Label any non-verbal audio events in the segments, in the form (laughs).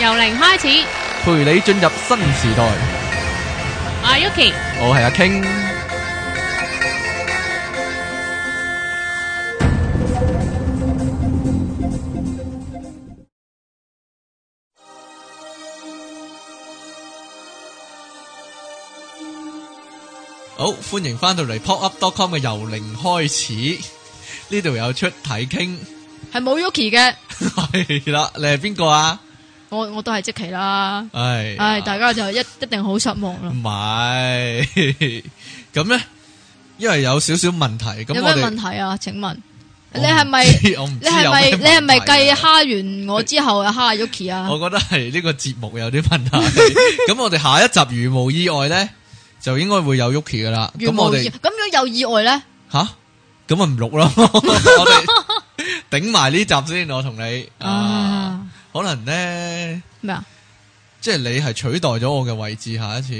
由零開始，陪你進入新時代。阿 Yuki，我係阿 King。好，歡迎翻到嚟 PopUp.com 嘅由零開始。呢度有出體傾，係冇 Yuki 嘅。係啦，你係邊個啊？我我都係即期啦，唉唉，大家就一一定好失望咯。唔係咁咧，因為有少少問題。有咩問題啊？請問你係咪？我唔知有。你係咪計蝦完我之後又蝦阿 Yuki 啊？我覺得係呢個節目有啲問題。咁我哋下一集如無意外咧，就應該會有 Yuki 噶啦。咁我哋咁樣有意外咧？吓，咁啊唔錄咯。頂埋呢集先，我同你。可能咧咩啊？即係你係取代咗我嘅位置，下一次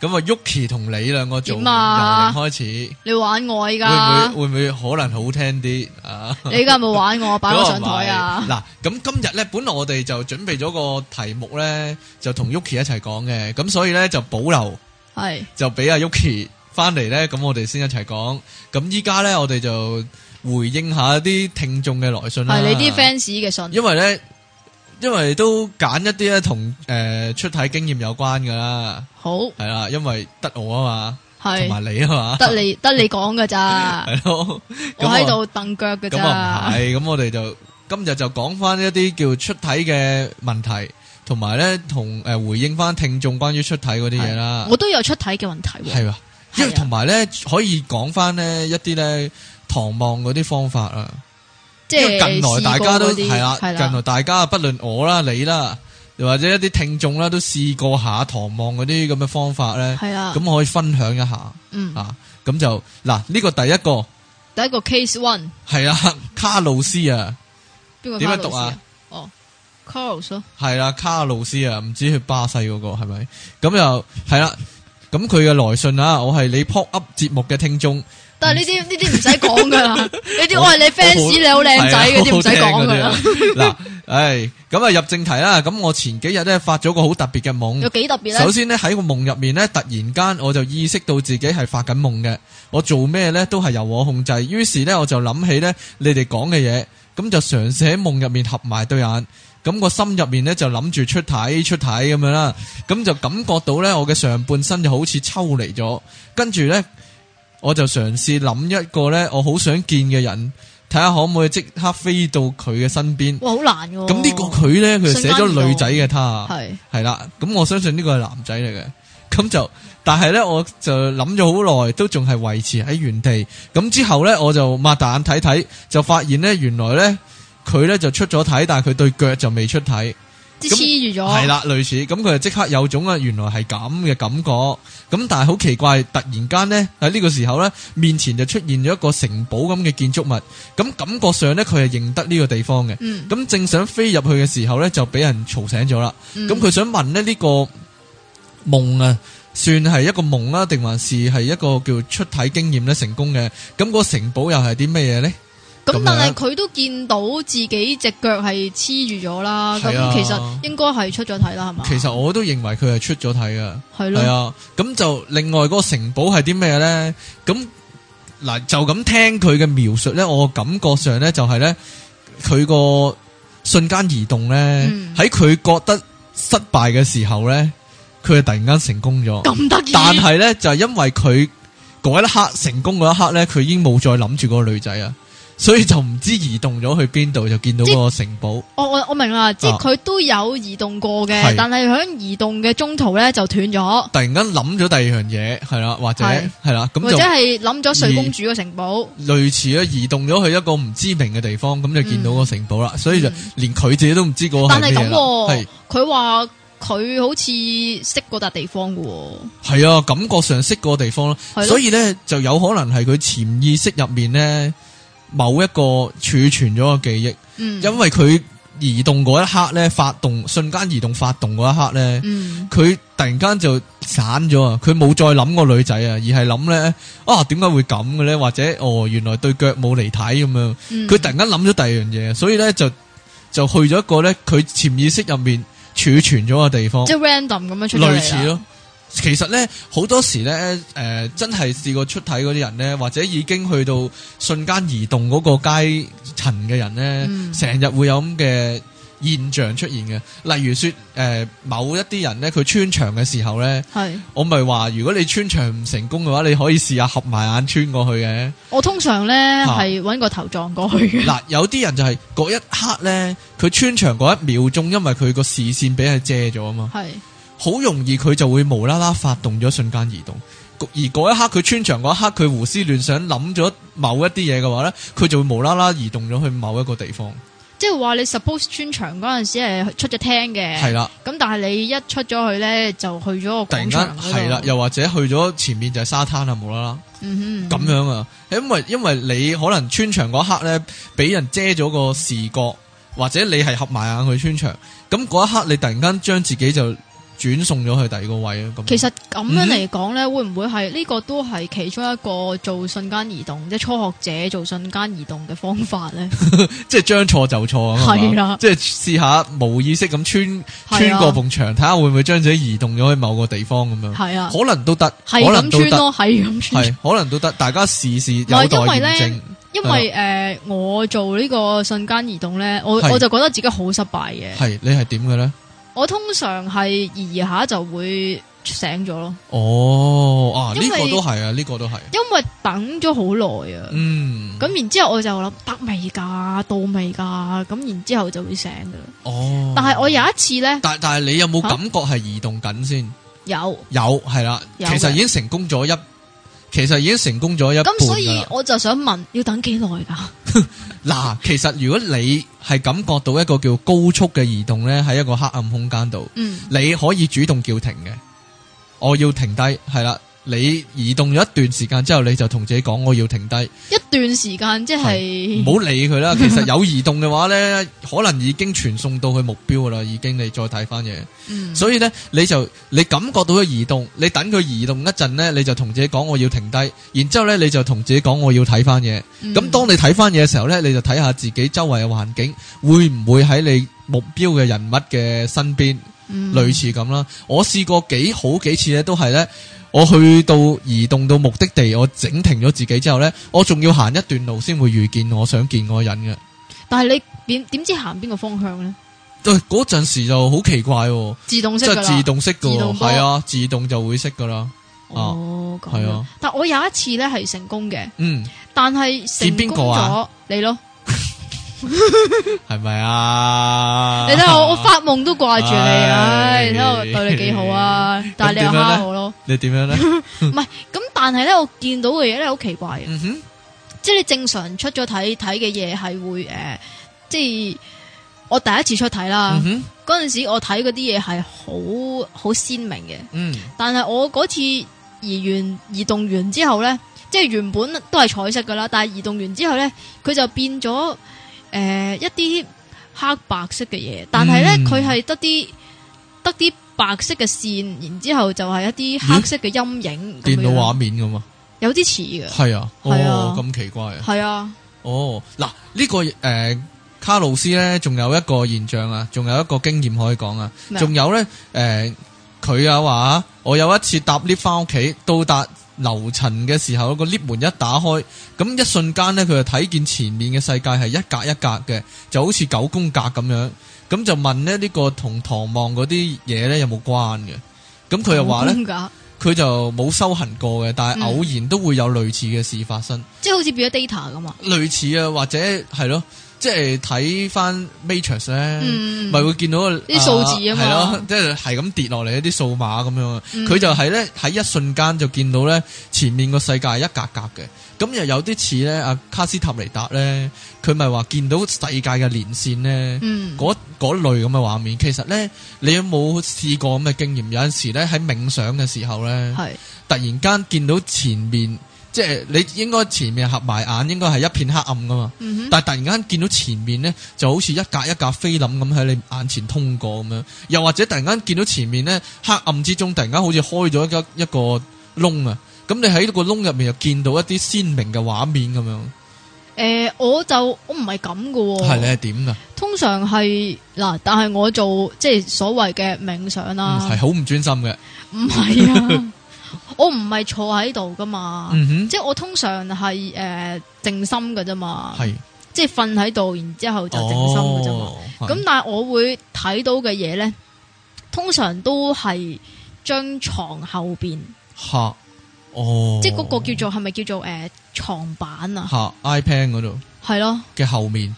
咁啊，Yuki 同你兩個做又開始。你玩我依家會唔會會唔會可能好聽啲啊？你依家有冇玩我擺我上台啊？嗱，咁今日咧本來我哋就準備咗個題目咧，就同 Yuki 一齊講嘅，咁所以咧就保留係，就俾阿 Yuki 翻嚟咧，咁我哋先一齊講。咁依家咧我哋就回應下一啲聽眾嘅來信啦，係你啲 fans 嘅信，因為咧。因為都揀一啲咧同誒出體經驗有關噶啦，好係啦，因為得我啊嘛，係同埋你啊嘛得你，得你得你講噶咋，係咯 (laughs) (laughs) 的， (laughs) 我喺度蹬腳噶咋，咁啊唔係，咁我哋就今日就講翻一啲叫出體嘅問題，同埋咧同誒回應翻聽眾關於出體嗰啲嘢啦，我都有出體嘅問題，啊，係因為同埋咧可以講翻咧一啲咧唐望嗰啲方法啊。因為近來大家都係啦，近來大家不論我啦、你啦，或者一啲聽眾啦，都試過下唐望嗰啲咁嘅方法咧，係啦，咁可以分享一下，嗯，啊，咁就嗱，呢個第一個，第一個 Case One，係啦，卡路斯啊，邊個點樣讀啊？哦，Carlos，係啦，卡路斯啊，唔知去巴西嗰個係咪？咁又係啦，咁佢嘅來信啊，我係你 pop up 節目嘅聽眾。呢啲呢啲唔使講噶啦，呢啲，啊， (laughs) 我係你 fans，你，啊，好靚仔嘅啲唔使講噶啦。嗱， (laughs) 唉，哎，咁啊入正題啦。咁我前幾日咧發咗個好特別嘅夢。有幾特別咧？首先咧喺個夢入面咧，突然間我就意識到自己係發緊夢嘅。我做咩咧都係由我控制。於是咧我就諗起咧你哋講嘅嘢，咁就嘗試喺夢入面合埋對眼。咁，個心入面咧就諗住出體出體咁樣啦。咁就感覺到咧我嘅上半身就好似抽離咗，跟住咧。我就嘗試諗一個咧，我好想見嘅人，睇下可唔可以即刻飛到佢嘅身邊。哇，好難嘅。咁呢個佢咧，佢就寫咗女仔嘅他。係係啦，咁我相信呢個係男仔嚟嘅。咁就，但係咧，我就諗咗好耐，都仲係維持喺原地。咁之後咧，我就擘大眼睇睇，就發現咧，原來咧，佢咧就出咗體，但係佢對腳就未出體。黐住咗，係啦，類似，咁佢就即刻有種啊，原來係咁嘅感覺。咁但係好奇怪，突然間呢喺呢個時候呢，面前就出現咗一個城堡咁嘅建築物。咁感覺上呢佢係認得呢個地方嘅。咁正想飛入去嘅時候呢，就俾人嘈醒咗啦。咁佢想問呢呢個夢啊，算係一個夢啦，定還是係一個叫出體經驗咧成功嘅？咁嗰個城堡又係啲咩嘢呢？咁但係佢都見到自己隻腳係黐住咗啦，咁、啊、其實應該係出咗體啦，係嘛？其實我都認為佢係出咗體嘅，係咯，係啊。咁就另外嗰個城堡係啲咩咧？咁嗱就咁聽佢嘅描述咧，我感覺上咧就係咧，佢個瞬間移動咧，喺佢、嗯、覺得失敗嘅時候咧，佢係突然間成功咗。咁得意！但係咧就係因為佢嗰一刻成功嗰一刻咧，佢已經冇再諗住嗰個女仔啊。所以就唔知移動咗去邊度，就見到個城堡。啊、我我我明啦，即係佢都有移動過嘅，啊、但係喺移動嘅中途咧就斷咗。突然間諗咗第二樣嘢，係啦，或者係是啦，咁或者係諗咗睡公主個城堡類似咧，移動咗去一個唔知名嘅地方，咁就見到個城堡啦。所以就連佢自己都唔知個、嗯。但係咁、啊，係佢話佢好似識嗰笪地方噶、哦，係啊，感覺上識個地方咯。所以咧就有可能係佢潛意識入面咧。某一個儲存咗嘅記憶，嗯、因為佢移動嗰一刻咧，發動瞬間移動發動嗰一刻咧，佢、嗯、突然間就散咗啊！佢冇再諗個女仔啊，而係諗咧啊點解會咁嘅咧？或者哦原來對腳冇離體咁樣，佢、嗯、突然間諗咗第二樣嘢，所以咧就就去咗一個咧佢潛意識入面儲存咗嘅地方。即係 random 咁樣出嚟。類似咯。其實咧，好多時咧，誒、呃，真係試過出體嗰啲人咧，或者已經去到瞬間移動嗰個階層嘅人咧，成日、嗯、會有咁嘅現象出現嘅。例如說，誒、呃，某一啲人咧，佢穿牆嘅時候咧，是我咪話，如果你穿牆唔成功嘅話，你可以試下合埋眼穿過去嘅。我通常咧係揾個頭撞過去嘅。嗱、啊，有啲人就係、是、嗰一刻咧，佢穿牆嗰一秒鐘，因為佢個視線俾佢遮咗啊嘛。好容易佢就會無啦啦發動咗瞬間移動，而嗰一刻佢穿牆嗰一刻，佢胡思亂想諗咗某一啲嘢嘅話咧，佢就會無啦啦移動咗去某一個地方。即係話你 suppose 穿牆嗰陣時係出咗廳嘅，係啦了。咁但係你一出咗去咧，就去咗個，突然間係啦，裡又或者去咗前面就係沙灘啦，無啦啦咁樣啊。因為因為你可能穿牆嗰一刻咧，俾人遮咗個視覺，或者你係合埋眼去穿牆，咁嗰一刻你突然間將自己就。轉送咗去第二個位咁。其實咁樣嚟講咧，會唔會係呢個都係其中一個做瞬間移動，即係初學者做瞬間移動嘅方法咧？即係將錯就錯，係啦，即係試下無意識咁穿穿過埲牆，睇下會唔會將自己移動咗去某個地方咁樣。係啊，可能都得，可能穿得，係咁穿，係可能都得。大家試試有冇見證？因為誒，我做呢個瞬間移動咧，我我就覺得自己好失敗嘅。係你係點嘅咧？我通常係移下就會醒咗咯。哦，啊，呢個都係啊，呢個都係。因為等咗好耐啊。嗯。咁然之後我就諗得未噶，到未噶。咁然之後就會醒噶。哦。但係我有一次咧。但但係你有冇感覺係移動緊先？啊，有。有係啦，其實已經成功咗一。其實已經成功咗一半啦。咁所以我就想問，要等幾耐噶？嗱， (laughs) 其實如果你係感覺到一個叫高速嘅移動咧，喺一個黑暗空間度，嗯，你可以主動叫停嘅，我要停低，係啦。你移動咗一段時間之後，你就同自己講，我要停低一段時間，即係唔好理佢啦。其實有移動嘅話呢 (laughs) 可能已經傳送到去目標噶啦，已經你再睇翻嘢。嗯、所以呢，你就你感覺到佢移動，你等佢移動一陣呢，你就同自己講，我要停低。然之後呢，你就同自己講，我要睇翻嘢。咁、嗯、當你睇翻嘢嘅時候呢，你就睇下自己周圍嘅環境會唔會喺你目標嘅人物嘅身邊，嗯、類似咁啦。我試過幾好幾次咧，都係呢。我去到移動到目的地，我整停咗自己之後咧，我仲要行一段路先會遇見我想見嗰個人嘅。但係你點點知行邊個方向咧？對、呃，嗰陣時就好奇怪，哦，自動識啦，即係自動識噶係啊，自動就會識噶啦。啊，哦，係啊。但我有一次咧係成功嘅，嗯，但係成功咗見邊個呀？你咯。係咪 (laughs) 啊？你睇下我，我發夢都掛住你，啊。哎、你睇下我對你幾好啊？ (laughs) 但係你又蝦我咯？你點樣咧？唔係咁，但係咧，我見到嘅嘢咧好奇怪嘅，嗯、哼即係你正常出咗體，睇嘅嘢係會誒、呃，即係我第一次出體啦。嗰陣、嗯、哼時我睇嗰啲嘢係好好鮮明嘅，嗯、但係我嗰次移完移動完之後咧，即係原本都係彩色噶啦，但係移動完之後咧，佢就變咗。誒、呃，一啲黑白色嘅嘢，但係咧佢係得啲得啲白色嘅線，然之後就係一啲黑色嘅陰影。咦樣電腦畫面噶嘛，有啲似嘅。係啊，啊哦咁奇怪啊。係啊，哦嗱，呢、這個誒、呃、卡路斯咧，仲有一個現象啊，仲有一個經驗可以講啊，仲麼有咧誒佢啊話，我有一次搭 lift 翻屋企，到達。樓層嘅時候，一個 lift 門一打開，咁一瞬間咧，佢就睇見前面嘅世界係一格一格嘅，就好似九宮格咁樣。咁就問咧呢、這個同唐望嗰啲嘢咧有冇關嘅？咁佢又話咧，佢就冇修行過嘅，但係偶然都會有類似嘅事發生。即係好似變咗 data 咁話？類似啊，或者係咯。即係睇翻 Matrix 咧，咪、嗯、會見到啲數、嗯啊、字啊嘛，即係係咁跌落嚟一啲數碼咁樣。佢、嗯、就係咧喺一瞬間就見到咧前面個世界係一格格嘅。咁又有啲似咧阿卡斯塔尼達咧，佢咪話見到世界嘅連線咧，嗰嗰、嗯、類咁嘅畫面。其實咧，你有冇試過咁嘅經驗？有陣時咧喺冥想嘅時候咧，係是突然間見到前面。即係你應該前面合埋眼，應該係一片黑暗噶嘛。嗯、哼但係突然間見到前面咧，就好似一格一格菲林咁喺你眼前通過咁樣。又或者突然間見到前面咧，黑暗之中突然間好似開咗一個一個窿啊！咁你喺個窿入面又見到一啲鮮明嘅畫面咁樣。誒、呃，我就我唔係咁噶喎。係、啊，你係點噶？通常係嗱、啊，但係我做即係所謂嘅冥想啦，係好唔專心嘅。唔係啊。嗯 (laughs) 我唔係坐喺度噶嘛，嗯、哼即係我通常係誒靜心噶啫嘛，係是即係瞓喺度，然之後就靜心噶啫。嘛、哦，咁但係我會睇到嘅嘢咧，通常都係張床後邊吓，哦，即係嗰個叫做係咪叫做誒、呃、床板啊？吓 iPad 度係咯嘅後面。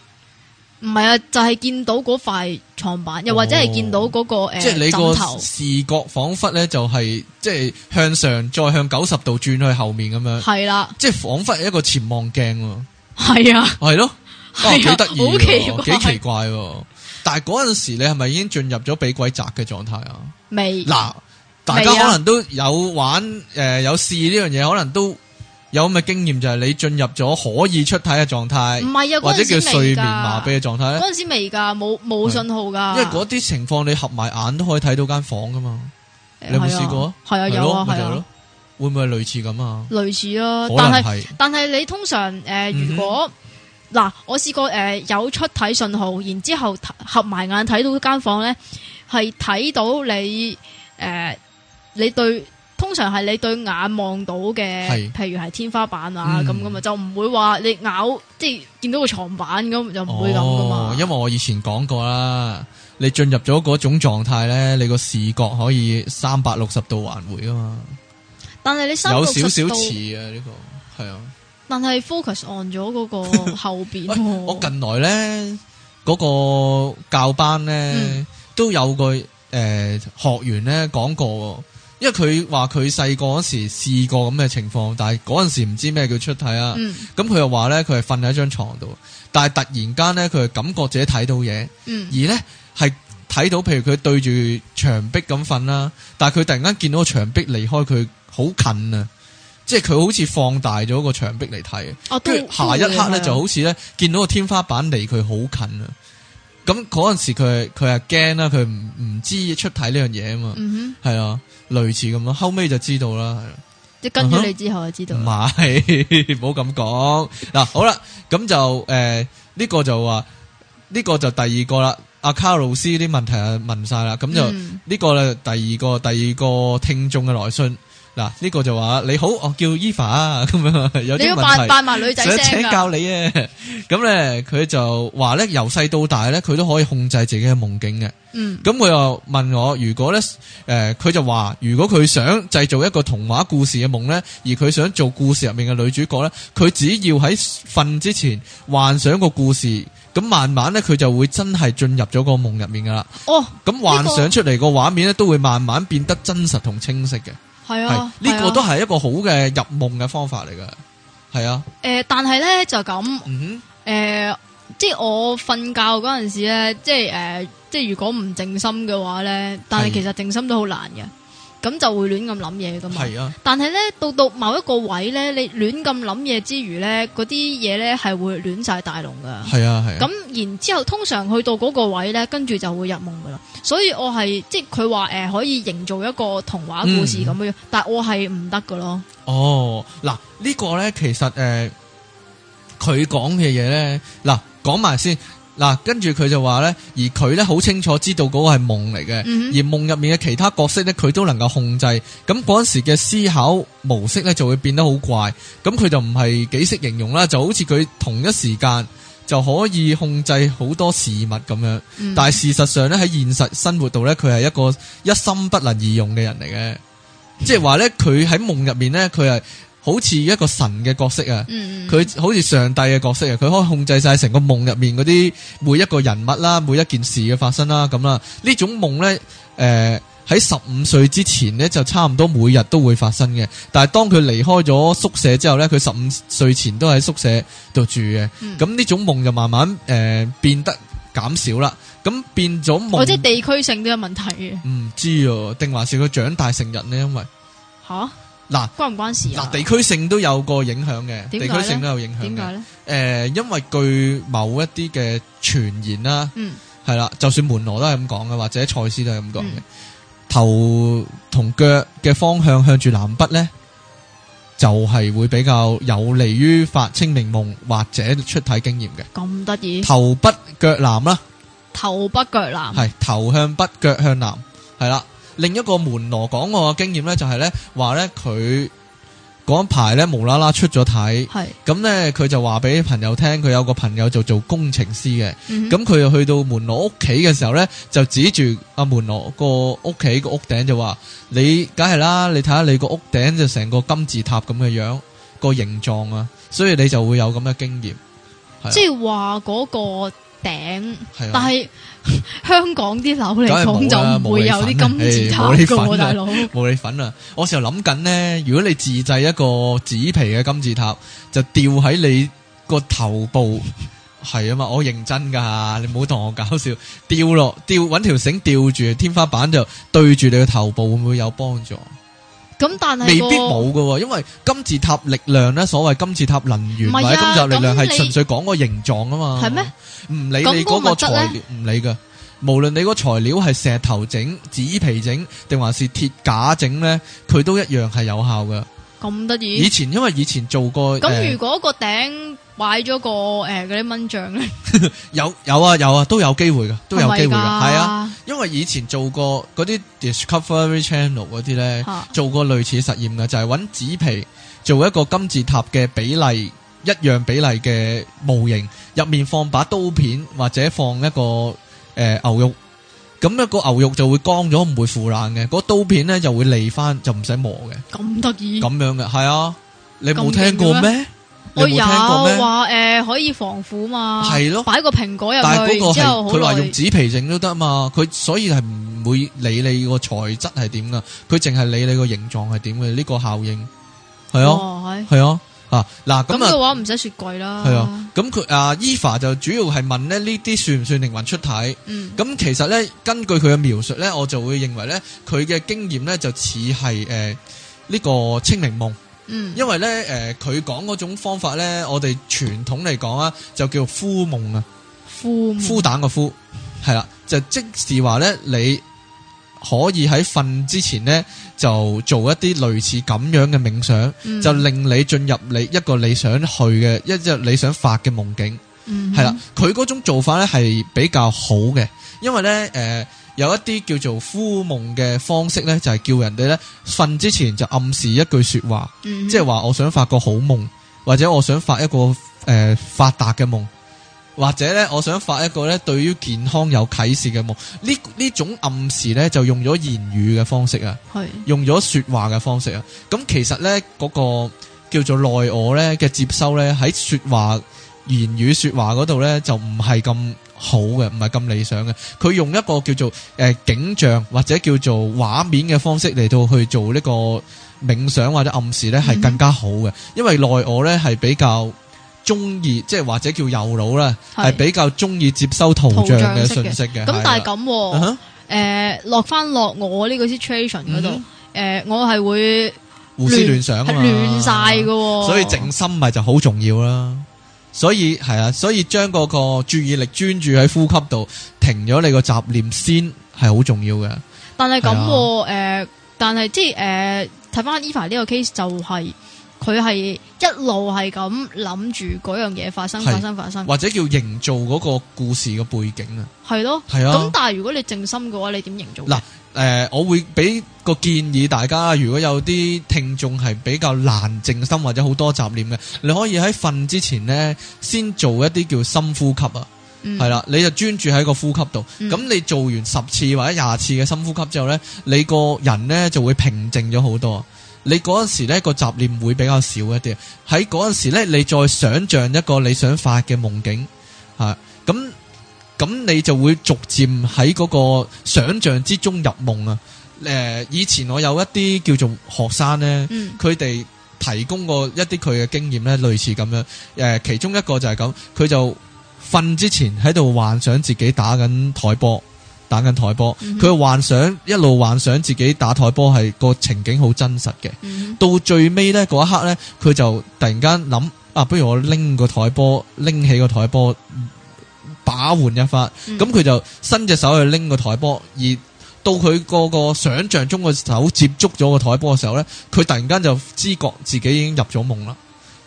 唔係啊，就係、是、見到嗰塊床板，又或者係見到嗰、那個誒、哦呃、你個枕頭視覺仿佛咧就係即係向上再向九十度轉去後面咁樣。係啦、啊，即係仿佛係一個潛望鏡。係啊，係咯、啊，哦、啊幾得意，好奇幾奇怪。奇怪 (laughs) 但係嗰陣時你係咪已經進入咗被鬼砸嘅狀態啊？未。嗱，大家可能都有玩，誒、呃，有試呢樣嘢，可能都。有咁嘅經驗就係你進入咗可以出體嘅狀態，啊、或者叫睡眠麻痹嘅狀態咧？嗰陣時未噶，冇冇信號噶。因為嗰啲情況你合埋眼都可以睇到間房噶嘛？啊、你有冇試過？係啊，有啊，係咯，會唔會類似咁啊？類似咯，但係但係你通常誒、呃，如果嗱、嗯哼，我試過誒、呃、有出體信號，然之後，然後合埋眼睇到間房咧，係睇到你誒、呃、你對。你對通常係你對眼望到嘅，是譬如係天花板啊咁咁啊，就唔會話你咬，即係見到個床板咁，就唔會諗噶嘛。因為我以前講過啦，你進入咗嗰種狀態咧，你個視覺可以三百六十度環回啊嘛。但係你有少少似啊呢個，係啊。但係 focus on 咗嗰個後邊、 (laughs) 哎。我近來咧嗰、那個教班咧、嗯、都有個誒、呃、學員咧講過。因為佢話佢細個嗰時試過咁嘅情況，但係嗰陣時唔知咩叫出體啊。咁佢又話咧，佢係瞓喺張床度，但係突然間咧，佢係感覺自己睇到嘢。嗯、而咧係睇到，譬如佢對住牆壁咁瞓啦，但係佢突然間見到個牆壁離開佢好近啊，即係佢好似放大咗個牆壁嚟睇。跟住、哦、下一刻咧，就好似咧見到個天花板離佢好近啊。咁嗰陣時佢佢係驚啦，佢唔唔知出體呢樣嘢啊嘛。係、嗯、哼啊。類似咁咯，後尾就知道啦。即係跟住你之後、uh huh. 就知道。唔係，唔好咁講。嗱， (laughs) 好啦，咁就誒，呢、呃這個就話，呢、這個這個就第二個啦。阿卡路斯啲問題啊問晒啦，咁就呢、mm. 個咧第二個第二個聽眾嘅來信。嗱，呢個就話，你好，我、哦、叫 Eva 啊，咁樣有啲問題。你要扮想請教你啊，咁咧佢就話咧，由細到大咧，佢都可以控制自己嘅夢境嘅。嗯，咁佢又問我，如果咧，誒、呃，佢就話如果佢想製造一個童話故事嘅夢咧，而佢想做故事入面嘅女主角咧，佢只要喺瞓之前幻想個故事，咁慢慢咧佢就會真係進入咗個夢入面噶啦。哦，咁、這個、幻想出嚟個畫面咧，都會慢慢變得真實同清晰嘅。係啊，呢是、啊、個都係一個好嘅入夢嘅方法嚟㗎，係啊。誒、呃，但係咧就咁，誒、嗯哼呃，即係我瞓覺嗰陣時咧，即係誒、呃，即係如果唔靜心嘅話咧，但係其實靜心都好難嘅。咁就會亂咁諗嘢噶嘛，係啊，但係咧，到到某一個位咧，你亂咁諗嘢之餘咧，嗰啲嘢咧係會亂晒大龍噶，係啊係啊。咁、啊、然之後，然後通常去到嗰個位咧，跟住就會入夢噶啦。所以我係即係佢話，誒可以營造一個童話故事咁樣，嗯、但我係唔得噶咯。哦、嗱、這個、呢個咧其實誒，佢、呃、講嘅嘢咧，嗱講埋先。嗱，跟住佢就話呢，而佢呢好清楚知道嗰個係夢嚟嘅，嗯、哼而夢入面嘅其他角色呢，佢都能夠控制。咁嗰陣時嘅思考模式呢，就會變得好怪。咁佢就唔係幾識形容啦，就好似佢同一時間就可以控制好多事物咁樣。嗯、哼但係事實上呢，喺現實生活度呢，佢係一個一心不能二用嘅人嚟嘅，即係話呢，佢喺夢入面呢，佢係。好似一個神嘅角色啊，佢、嗯、好似上帝嘅角色啊，佢可以控制晒成個夢入面嗰啲每一個人物啦，每一件事嘅發生啦咁啦。呢種夢呢，誒喺十五歲之前呢，就差唔多每日都會發生嘅。但係當佢離開咗宿舍之後呢，佢十五歲前都喺宿舍度住嘅。咁呢、嗯、種夢就慢慢誒、呃、變得減少啦。咁變咗夢，或者地區性都有問題嘅。唔、嗯、知啊，定還是佢長大成人呢？因為吓。嗱，關唔關事？嗱，地區性都有個影響嘅，地區性都有影響嘅。點解咧？誒，因為據某一啲嘅傳言啦，係啦，就算門羅都係咁講嘅，或者賽斯都係咁講嘅。頭同腳嘅方向向住南北咧，就係會比較有利於發清明夢或者出體經驗嘅。咁得意？頭北腳南啦。頭北腳南係頭向北，腳向南係啦。另一個門羅講我嘅經驗咧，就係咧話咧佢嗰一排咧無啦啦出咗體，咁咧佢就話俾朋友聽，佢有個朋友就做工程師嘅，咁佢又去到門羅屋企嘅時候咧，就指住阿門羅個屋企個屋頂就話：你梗係啦，你睇下你個屋頂就成個金字塔咁嘅樣個形狀啊，所以你就會有咁嘅經驗，即係話嗰個頂係啊，但係。香港啲樓嚟講就唔會有啲金字塔嘅。欸、大佬哥冇你份啊。 (laughs) 我成日諗緊咧，如果你自製一個紙皮嘅金字塔，就吊喺你個頭部係啊嘛，我認真噶，你唔好同我搞笑，吊落吊搵條繩吊住天花板就對住你個頭部會唔會有幫助？咁但係未必冇噶，因為金字塔力量咧，所謂金字塔能源，唔係啊，金字塔力量係純粹講嗰個形狀啊嘛。係咩？唔理你嗰個材料，唔理噶，無論你嗰個材料係石頭整、紙皮整，定還是鐵架整咧，佢都一樣係有效噶。咁得意？以前因為以前做過。咁如果個頂？買咗個誒嗰啲蚊帳咧，有有啊有啊，都有機會噶，都有機會噶，係啊，因為以前做過嗰啲 discovery channel 嗰啲咧，做過類似實驗噶，就係搵紙皮做一個金字塔嘅比例，一樣比例嘅模型，入面放把刀片或者放一個誒牛肉，咁一個牛肉就會乾咗，唔會腐爛嘅，嗰刀片咧就會利翻，就唔使磨嘅。咁得意？咁樣嘅，係啊，你冇聽過咩？我有話誒、呃，可以防腐嘛？係咯的，擺個蘋果入去，佢話用紙皮整都得嘛。佢所以係唔會理你個材質係點噶，佢淨係理你個形狀係點嘅呢個效應，係哦，係哦，啊嗱咁啊，咁嘅話唔使雪櫃啦。係啊，咁佢啊，Eva 就主要係問咧呢啲算唔算靈魂出體？咁、嗯、其實咧，根據佢嘅描述咧，我就會認為咧，佢嘅經驗咧就似係誒呢個清明夢。嗯，因為咧，誒，佢講嗰種方法咧，我哋傳統嚟講啊，就叫孵夢啊，孵孵蛋個孵，係啦，就即是話咧，你可以喺瞓之前咧，就做一啲類似咁樣嘅冥想，就令你進入你一個你想去嘅一即係你想發嘅夢境，係啦，佢嗰種做法咧係比較好嘅，因為咧，誒。有一啲叫做呼夢嘅方式呢就係、是、叫人哋呢瞓之前就暗示一句說話，嗯、即係話我想發個好夢，或者我想發一個誒、呃、發達嘅夢，或者呢我想發一個呢對於健康有啟示嘅夢。呢呢種暗示呢就用咗言語嘅方式啊，是用咗說話嘅方式啊。咁其實呢嗰、那個叫做內我呢嘅接收呢，喺說話言語說話嗰度呢，就唔係咁好嘅，唔係咁理想嘅。佢用一個叫做誒景象，或者叫做畫面嘅方式嚟到去做呢個冥想或者暗示咧，係更加好嘅。因為內我咧係比較中意，即係或者叫右腦啦，係比較中意接收圖像嘅信息嘅。咁但係咁，誒落翻落我呢個 situation 度，誒我係會胡思亂想，係亂晒嘅。所以靜心咪就好重要啦。所以係啊，所以將嗰個注意力專注喺呼吸度，停咗你個雜念先係好重要嘅。但係咁，誒、呃，但係即係，誒，睇翻 Eva 呢個 case 就係、是。佢係一路係咁諗住嗰樣嘢發生，是發生，發生，或者叫營造嗰個故事嘅背景啊。係咯的，係啊的。咁但係如果你靜心嘅話，你點營造？嗱，誒、呃，我會俾個建議大家，如果有啲聽眾係比較難靜心或者好多雜念嘅，你可以喺瞓之前呢先做一啲叫深呼吸啊。係啦、嗯，你就專注喺個呼吸度。咁、嗯、你做完十次或者廿次嘅深呼吸之後呢，你個人呢就會平靜咗好多。你嗰陣時呢個雜念會比較少一啲，喺嗰陣時呢你再想像一個你想發嘅夢境，嚇，咁咁你就會逐漸喺嗰個想像之中入夢啊。誒、呃，以前我有一啲叫做學生呢，佢哋、嗯、提供過一啲佢嘅經驗呢，類似咁樣。誒、呃，其中一個就係咁，佢就瞓之前喺度幻想自己打緊台波，打緊台波，佢、嗯、哼幻想一路幻想自己打台波，係個情景好真實嘅。嗯、到最尾呢嗰一刻呢，佢就突然間諗啊，不如我拎個台波，拎起個台波、嗯、把玩一發。咁佢、嗯、就伸隻手去拎個台波，而到佢、嗰個、嗰個想像中個手接觸咗個台波嘅時候呢，佢突然間就知覺自己已經入咗夢啦，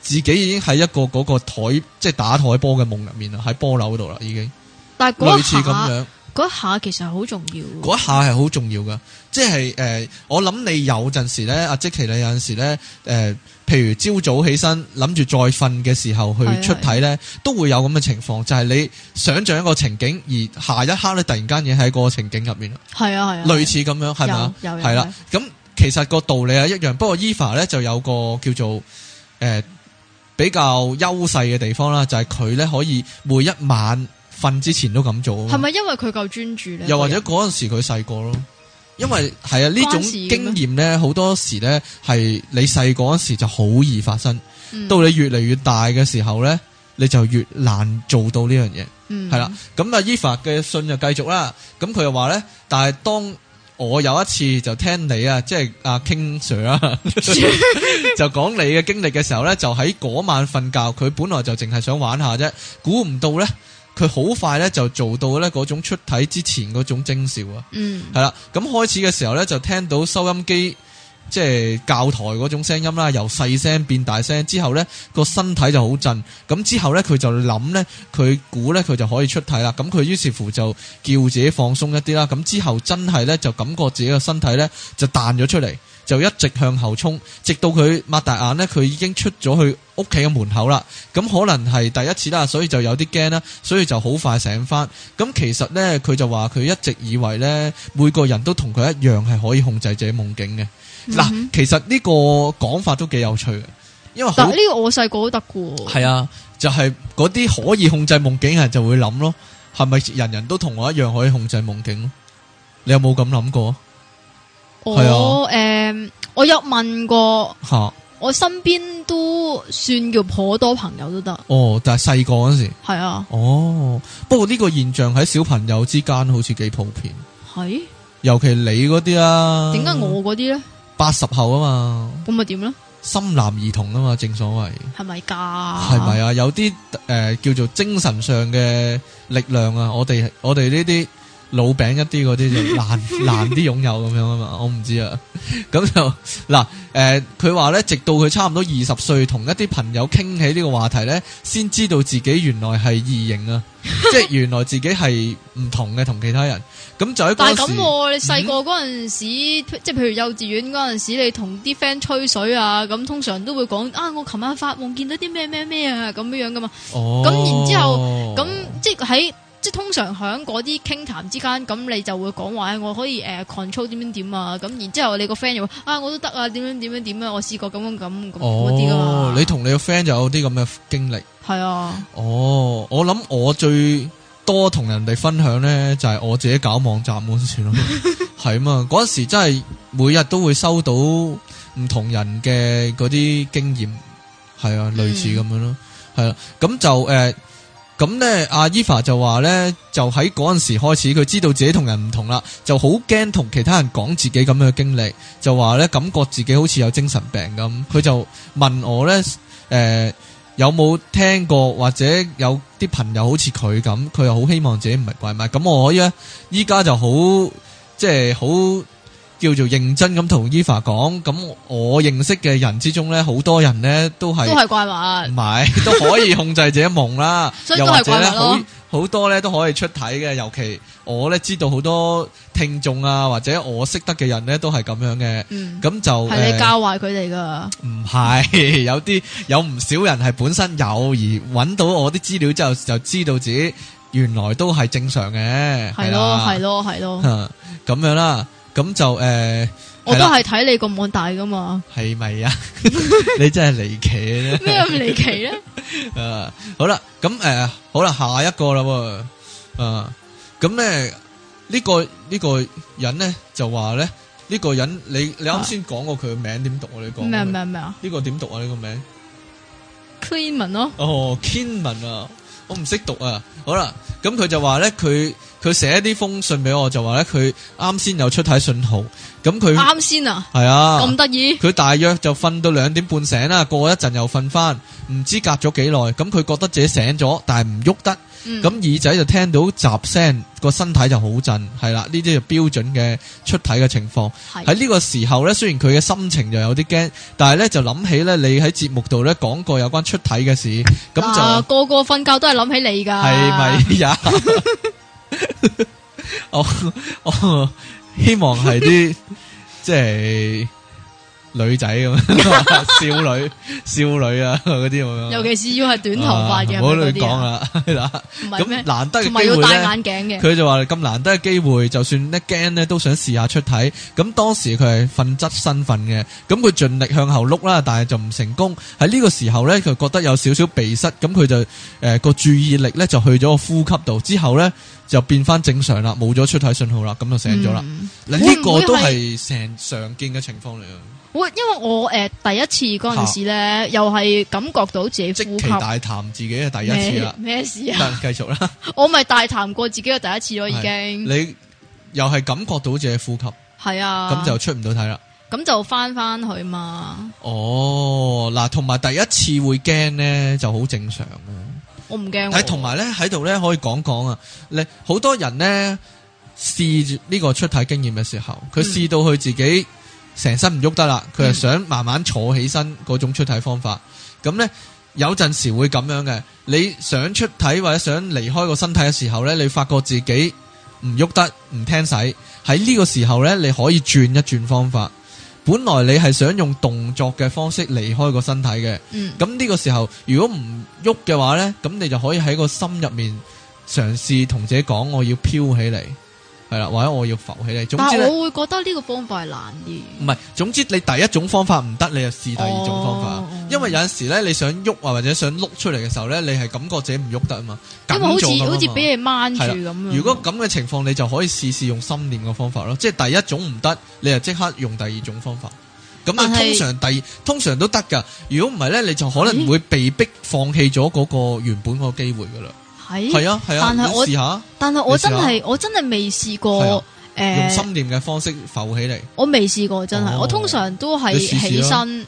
自己已經喺一個嗰、嗰個台即係打台波嘅夢入面啦，喺波樓度啦已經。但那 類似噉樣。嗰下其實好重要，嗰下係好重要噶，即係誒、呃，我諗你有陣時咧，阿、啊、積琪你有陣時咧，誒、呃，譬如朝早起身諗住再瞓嘅時候去出體咧，是是都會有咁嘅情況，就係、是、你想象一個情景，而下一刻咧突然間嘢喺個情景入面咯，係啊係啊，類似咁樣，係嘛？係啦的，咁吧其實個道理係一樣，不過 Eva 咧就有個叫做誒、呃、比較優勢嘅地方啦，就係佢咧可以每一晚。瞓之前都咁做，係咪因為佢夠專注咧？又或者嗰陣時佢細個咯？嗯、因為係啊，呢種經驗咧，好多時咧係你細個嗰時就好易發生，嗯、到你越嚟越大嘅時候咧，你就越難做到呢樣嘢。係啦、嗯，咁啊，Eva 嘅信就繼續啦。咁佢又話咧，但係當我有一次就聽你啊，即係 King Sir 啊， (laughs) (laughs) 就講你嘅經歷嘅時候咧，就喺嗰晚瞓覺，佢本來就淨係想玩下啫，估唔到咧。佢好快咧就做到咧嗰種出體之前嗰種徵兆啊，係啦、嗯。咁開始嘅時候咧就聽到收音機即係教台嗰種聲音啦，由細聲變大聲之後咧個身體就好震。咁之後咧佢就諗咧，佢估咧佢就可以出體啦。咁佢於是乎就叫自己放鬆一啲啦。咁之後真係咧就感覺自己嘅身體咧就彈咗出嚟，就一直向後衝，直到佢擘大眼咧，佢已經出咗去，屋企嘅門口啦，咁可能係第一次啦，所以就有啲驚啦，所以就好快醒翻。咁其實呢，佢就話佢一直以為呢，每個人都同佢一樣係可以控制自己夢境嘅。嗱、嗯哼，其實呢個講法都幾有趣，因為但係呢個我細個都得嘅。係啊，就係嗰啲可以控制夢境嘅人就會諗咯，係咪人人都同我一樣可以控制夢境？你有冇咁諗過？我誒、啊呃，我有問過。啊我身邊都算叫頗多朋友都得。哦，但係細個嗰時。係啊。哦，不過呢個現象喺小朋友之間好似幾普遍。係是。尤其你嗰啲啊。點解我嗰啲咧？八十後啊嘛。咁咪點咧？靛藍兒童啊嘛，正所謂。係咪噶？係咪啊？有啲誒、呃、叫做精神上嘅力量啊，我哋我哋呢啲。老餅一啲嗰啲就難難啲擁有咁樣啊嘛，我唔知啊，咁就嗱，誒，佢話咧，直到佢差唔多二十歲，同一啲朋友傾起呢個話題咧，先知道自己原來係異形啊，即係原來自己係唔同嘅同其他人，咁就喺，但係咁，你細個嗰陣時，即係譬如幼稚園嗰陣時，你同啲 friend 吹水啊，咁通常都會講啊，我琴晚發夢見到啲咩咩咩啊，咁樣樣噶嘛，咁然之後，咁即係喺。即係通常喺嗰啲傾談之間，咁你就會講話，我可以誒 control 點點點啊，咁、呃、然之後你個 friend 又話啊，我都得啊，點點點點點，我試過咁樣咁嗰啲噶嘛。你同你個 friend 就有啲咁嘅經歷。係啊。哦，我諗我最多同人哋分享咧，就係、是、我自己搞網站嗰陣時咯，係嘛， (laughs) (laughs) 嗰時真係每日都會收到唔同人嘅嗰啲經驗，係啊，類似咁樣咯，係、嗯、啊，咁就誒。呃咁呢，阿伊凡就話呢，就喺嗰陣時開始，佢知道自己同人唔同啦，就好驚同其他人講自己咁樣嘅經歷，就話呢，感覺自己好似有精神病咁，佢就問我呢，誒、呃、有冇聽過或者有啲朋友好似佢咁，佢又好希望自己唔係怪物，咁我可以呢，依家就好即係好。叫做認真咁同 Eva 講，咁我認識嘅人之中咧，好多人咧都係都係怪物，唔係都可以控制自己夢啦。 (laughs) 所以都係怪物啦。又或者好好多咧都可以出體嘅，尤其我咧知道好多聽眾啊，或者我識得嘅人咧都係咁樣嘅。咁、嗯、就係你教壞佢哋噶？唔係、呃，有啲有唔少人係本身有而搵到我啲資料之後，就知道自己原來都係正常嘅。係咯的，係咯的，係咯。咁 (laughs) 樣啦。咁就誒，我都係睇你個網大噶嘛，係咪啊？你真係離奇啊，咩咁離奇啊？誒，好啦，咁誒，好啦，下一個啦，啊，咁咧呢個呢個人咧就話咧呢個人，你你啱先講過佢嘅名點讀啊？你講咩咩咩啊？呢個點讀啊？呢個名？Kiman 咯，哦 Kiman 啊，我唔識讀啊。好啦，咁佢就話咧佢。佢寫啲封信俾我，就話咧佢啱先有出體信號，咁佢啱先啊，係啊，咁得意。佢大約就瞓到兩點半醒啦，過一陣又瞓翻，唔知隔咗幾耐，咁佢覺得自己醒咗，但係唔喐得，咁、嗯、耳仔就聽到雜聲，個身體就好震，係啦、啊，呢啲就標準嘅出體嘅情況。喺呢是個時候呢，雖然佢嘅心情就有啲驚，但係呢就諗起呢，你喺節目度呢講過有關出體嘅事，咁就、啊、個個瞓覺都係諗起你噶，係咪呀？ (laughs) (laughs) 我我希望係啲即係。女仔咁樣，少女少女啊嗰啲咁樣，尤其是要係短頭髮嘅，唔好再講啦。係啦，咁難得機會咧，仲有要戴眼鏡嘅。佢就話咁難得嘅機會，就算一驚咧，都想試下出體。咁當時佢係瞓側身瞓嘅，咁佢盡力向後碌啦，但係就唔成功。喺呢個時候咧，佢覺得有少少鼻塞，咁佢就誒個注意力咧就去咗個呼吸度，之後咧就變翻正常啦，冇咗出體信號啦，咁就醒咗啦。嗱，呢個都係成常見嘅情況嚟啊。我因為我誒、呃、第一次嗰陣時咧，啊、又係感覺到自己呼吸大談自己嘅第一次啦。咩事啊？繼、嗯、續啦！ (laughs) 我咪大談過自己嘅第一次咯，是已經。你又係感覺到自己呼吸？係啊。咁就出唔到體啦。咁就翻翻去嘛。哦，嗱，同埋第一次會驚咧，就好正常啊。我唔驚。但同埋咧喺度咧可以講講啊，你好多人咧試住呢個出體經驗嘅時候，佢試到佢自己、嗯。成身唔喐得啦，佢係想慢慢坐起身嗰種出體方法。咁呢，有陣時會咁樣嘅，你想出體或者想離開個身體嘅時候呢，你發覺自己唔喐得，唔聽使。喺呢個時候呢，你可以轉一轉方法。本來你係想用動作嘅方式離開個身體嘅，咁呢個時候如果唔喐嘅話呢，咁你就可以喺個心入面嘗試同自己講，我要飄起嚟。係啦，或者我要浮起嚟。但係我會覺得呢個方法係難啲。唔係，總之你第一種方法唔得，你就試第二種方法。哦哦、因為有陣時咧，你想喐啊，或者想碌出嚟嘅時候咧，你係感覺自己唔喐得啊嘛，緊張啊嘛。因為好似好似俾你掹住咁。如果咁嘅情況，你就可以試試用心念嘅方法咯。即係第一種唔得，你就即刻用第二種方法。咁啊，通常第是通常都得噶。如果唔係咧，你就可能會被逼放棄咗嗰個原本個機會噶啦。係啊，係啊，但係我試下，但係我真係我真係未試過誒，用心念嘅方式浮起嚟，我未試過，真係我通常都係起身，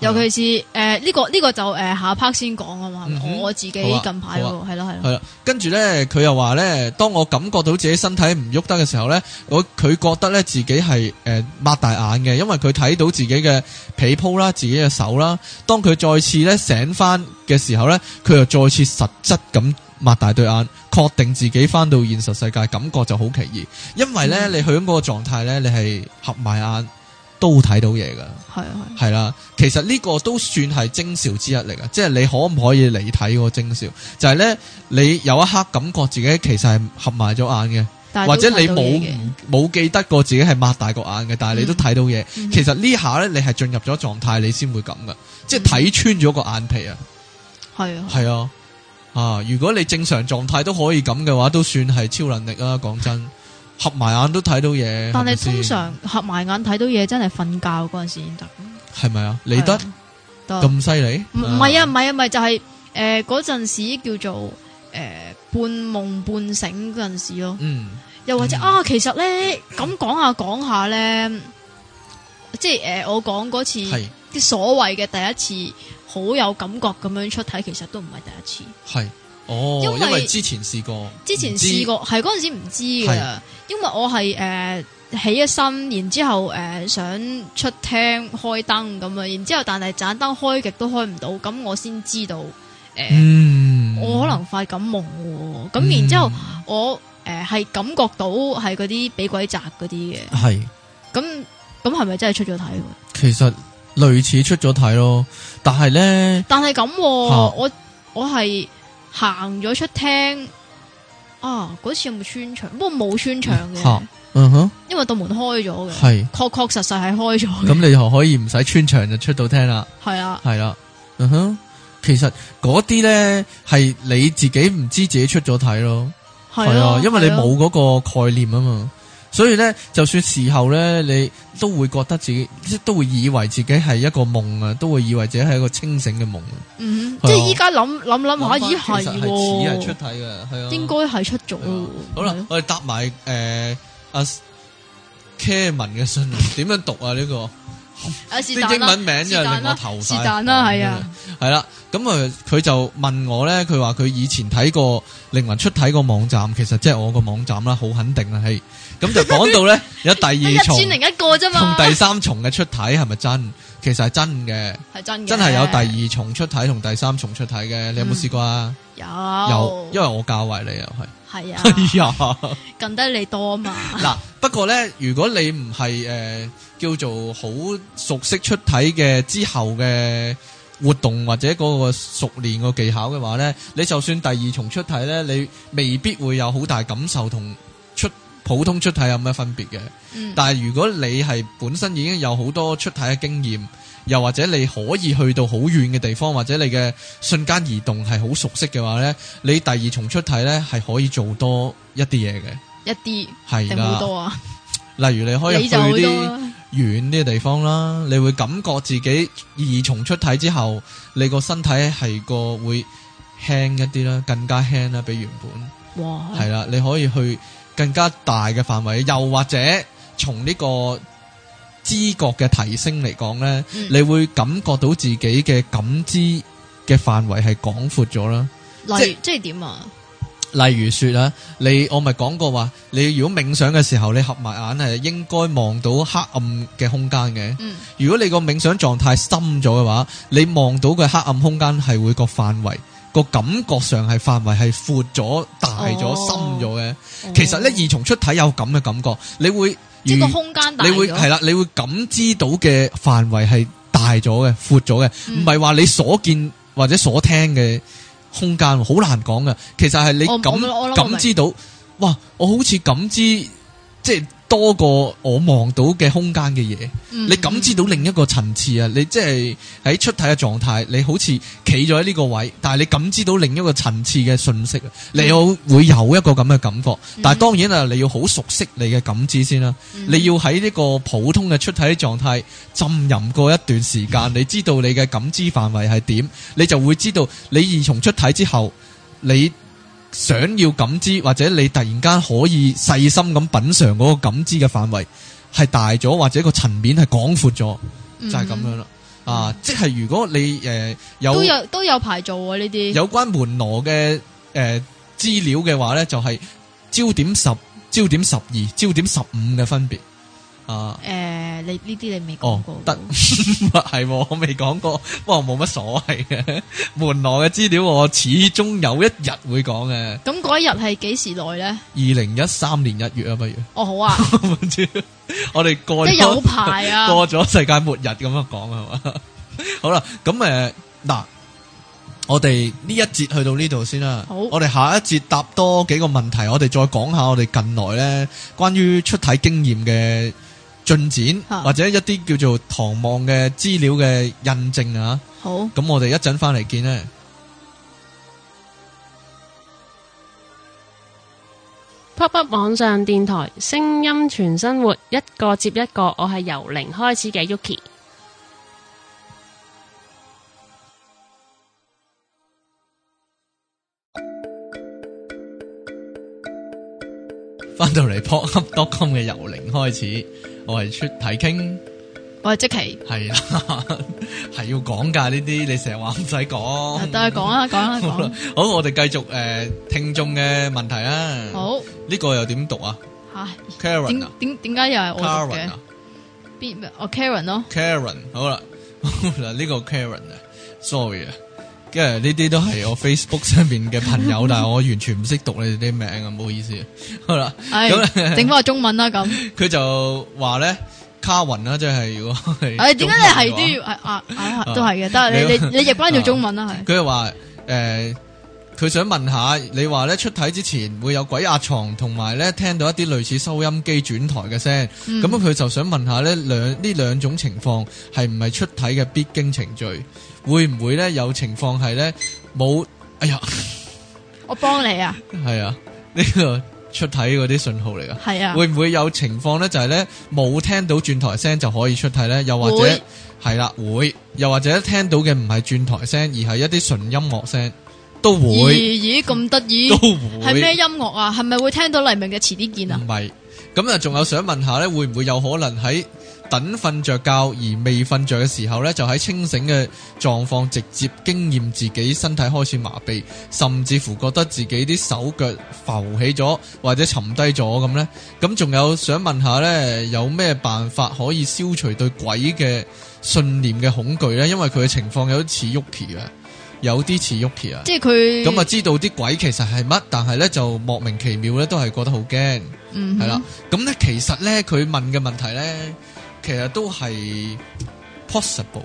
尤其是誒呢個呢個就誒下一 part 先講啊嘛。我自己近排係咯係咯，係啦。跟住咧，佢又話咧，當我感覺到自己身體唔喐得嘅時候咧，我佢覺得咧自己係誒擘大眼嘅，因為佢睇到自己嘅被鋪啦，自己嘅手啦。當佢再次咧醒翻嘅時候咧，佢又再次實質咁。擘大對眼，確定自己翻到現實世界，感覺就好奇異。因為咧，你去嗰個狀態咧，你係合埋眼都睇到嘢噶。係啊係。係啦，其實呢個都算係徵兆之一嚟噶，即係你可唔可以嚟睇個徵兆？就係咧，你有一刻感覺自己其實係合埋咗眼嘅，或者你冇冇記得過自己係擘大個眼嘅，但係你都睇到嘢。其實呢下咧，你係進入咗狀態，你先會咁噶，即係睇穿咗個眼皮啊。係啊。係啊。啊！如果你正常狀態都可以咁嘅話，都算係超能力啦。講真，合埋眼都睇到嘢。但係通常合埋眼睇到嘢，真係瞓覺嗰陣時先得。係咪對 啊？你得咁犀利？唔係啊，唔係啊，唔係就係誒嗰陣時叫做誒、呃、半夢半醒嗰陣時咯。嗯。又或者，嗯、啊，其實咧咁講下講下咧，即係誒我講嗰次啲所謂嘅第一次。好有感覺咁樣出體，其實都唔係第一次。係，哦，因為，因為之前試過，之前試過係嗰陣時唔知噶，是因為我係誒、呃、起咗身，然之後誒、呃、想出廳開燈咁啊，然之後但係盞燈開極都開唔到，咁我先知道誒，呃嗯、我可能發緊夢，咁然之後、嗯、我誒係、呃、感覺到係嗰啲俾鬼砸嗰啲嘅，係是，咁咁係咪真係出咗體？其實。類似出咗體咯，但係咧，但係咁、啊啊，我我係行咗出廳，啊，嗰次有冇穿牆？不過冇穿牆嘅，嗯哼、啊，啊啊、因為道門開咗嘅，係確確實實係開咗嘅。咁你就可以唔使穿牆就出到廳啦？係啊，係啦、啊，嗯、啊、哼，其實嗰啲咧係你自己唔知自己出咗體咯，係啊，啊因為你冇嗰個概念啊嘛。所以咧，就算事後咧，你都會覺得自己即都會以為自己係一個夢啊，都會以為自己係一個清醒嘅夢、嗯、吧即係依家諗諗諗下，咦係，係似係出體嘅，係啊，應該係出咗、啊。好啦，啊、我哋答埋誒阿 k e r o n 嘅信點樣讀啊？呢、這個、啊、英文名就令我頭大。是但啦，係啊，係啦。咁啊，佢、呃、就問我咧，佢話佢以前睇過靈魂出體個網站，其實即係我個網站啦，好肯定啊，係。咁就講到咧，有第二重，一千一個啫嘛。同第三重嘅出體係咪真？其實係真嘅，係真嘅，真係有第二重出體同第三重出體嘅。嗯，你有冇試過啊？有有，因為我教壞你啊。係係啊，呀，近得你多嘛。嗱， (laughs) 不過咧，如果你唔係誒叫做好熟悉出體嘅之後嘅活動或者嗰個熟練個技巧嘅話咧，你就算第二重出體咧，你未必會有好大感受同。普通出體有咩分別嘅？嗯、但係如果你係本身已經有好多出體嘅經驗，又或者你可以去到好遠嘅地方，或者你嘅瞬間移動係好熟悉嘅話呢，你第二重出體呢，係可以做多一啲嘢嘅。一啲係啦，例如你可以去啲遠啲嘅地方啦，你，你會感覺自己二重出體之後，你個身體係個會輕一啲啦，更加輕啦，比原本。哇！係啦，你可以去。更加大嘅範圍，又或者從呢個知覺嘅提升嚟講咧，嗯、你會感覺到自己嘅感知嘅範圍係廣闊咗啦。例如即即係點啊？例如說啊，你、嗯、我咪講過話，你如果冥想嘅時候，你合埋眼係應該望到黑暗嘅空間嘅。嗯，如果你個冥想狀態深咗嘅話，你望到嘅黑暗空間係會個範圍。個感覺上係範圍係闊咗、大咗、深咗嘅。其實咧，二重出體有咁嘅感覺，你會即係個空間大咗，你會係啦，你會感知到嘅範圍係大咗嘅、闊咗嘅，唔係話你所見或者所聽嘅空間好難講噶。其實係你感感知到，哇，我好似感知即係。多過我望到嘅空間嘅嘢，嗯、你感知到另一個層次啊。嗯、你即係喺出體嘅狀態，你好似企咗喺呢個位，但係你感知到另一個層次嘅信息，你有、嗯、會有一個咁嘅感覺。嗯、但係當然啊，你要好熟悉你嘅感知先啦。嗯、你要喺呢個普通嘅出體狀態浸淫過一段時間，嗯、你知道你嘅感知範圍係點，你就會知道你二重出體之後你。想要感知，或者你突然間可以細心咁品嘗嗰個感知嘅範圍係大咗，或者個層面係廣闊咗，就係、是、咁樣啦。嗯、啊，即係如果你誒、呃、有都有都有排做呢啲有關門羅嘅誒資料嘅話咧，就係、是、焦點十、焦點十二、焦點十五嘅分別。啊，誒，你呢啲你未講過，得，唔係，我未講過，不過冇乜所謂嘅，門內嘅資料我始終有一日會講嘅。咁嗰一日係幾時來咧？二零一三年一月啊，不如。哦，好啊。我哋過，即係有排啊，過咗世界末日咁樣講係嘛？好啦，咁誒，嗱，我哋呢一節去到呢度先啦。好，我哋下一節答多幾個問題，我哋再講下我哋近來咧關於出體經驗嘅。進展或者一啲叫做唐望嘅資料嘅印證啊，好，咁我哋一陣翻嚟見咧。Pop up 網上電台，聲音全生活，一個接一個。我係由零開始嘅 Yuki，翻到嚟 Pop Up.com 嘅由零開始。我係出體傾，我係即期，係是的 (laughs) 啊，係要講噶呢啲，你成日話唔使講，但係講啊，講啊，講。好，我哋繼續誒、呃、聽眾嘅問題啊。好，呢個又點讀啊？吓哈，Karen 啊？點點解又係我讀嘅？邊哦，Karen 咯、啊。Karen, 啊、Karen，好啦，嗱 (laughs) 呢個 Karen 啊，sorry 啊。跟住呢啲都係我 Facebook 上面嘅朋友，但係我完全唔識讀你哋啲名啊，唔好意思。好啦，咁整翻個中文啦，咁佢就話咧，卡云啦，即係如果係，誒，點解你係都要係壓，都係嘅，但係你你你譯翻做中文啦，係佢就話誒，佢想問下你話咧出體之前會有鬼壓床，同埋咧聽到一啲類似收音機轉台嘅聲，咁樣佢就想問下咧兩呢兩種情況係唔係出體嘅必經程序？會唔會咧有情況係咧冇？哎呀，我幫你啊！係啊，呢個出體嗰啲信號嚟噶。係啊，會唔會有情況咧？就係咧冇聽到轉台聲就可以出體咧？又或者係啦，會又或者聽到嘅唔係轉台聲，而係一啲純音樂聲都會。咦咦，咁得意，都會係咩音樂啊？係咪會聽到黎明嘅《遲啲見》啊？唔係。咁啊，仲有想問下咧，會唔會有可能喺？等瞓着覺而未瞓着嘅時候呢，就喺清醒嘅狀況直接經驗自己身體開始麻痹，甚至乎覺得自己啲手腳浮起咗或者沉低咗咁呢，咁仲有想問下呢？有咩辦法可以消除對鬼嘅信念嘅恐懼呢？因為佢嘅情況有啲似 Yuki 啊，有啲似 Yuki 啊。即係佢咁啊，知道啲鬼其實係乜，但係呢就莫名其妙呢都係覺得好驚。係啦、嗯哼，咁呢其實呢，佢問嘅問題呢。其實都係 possible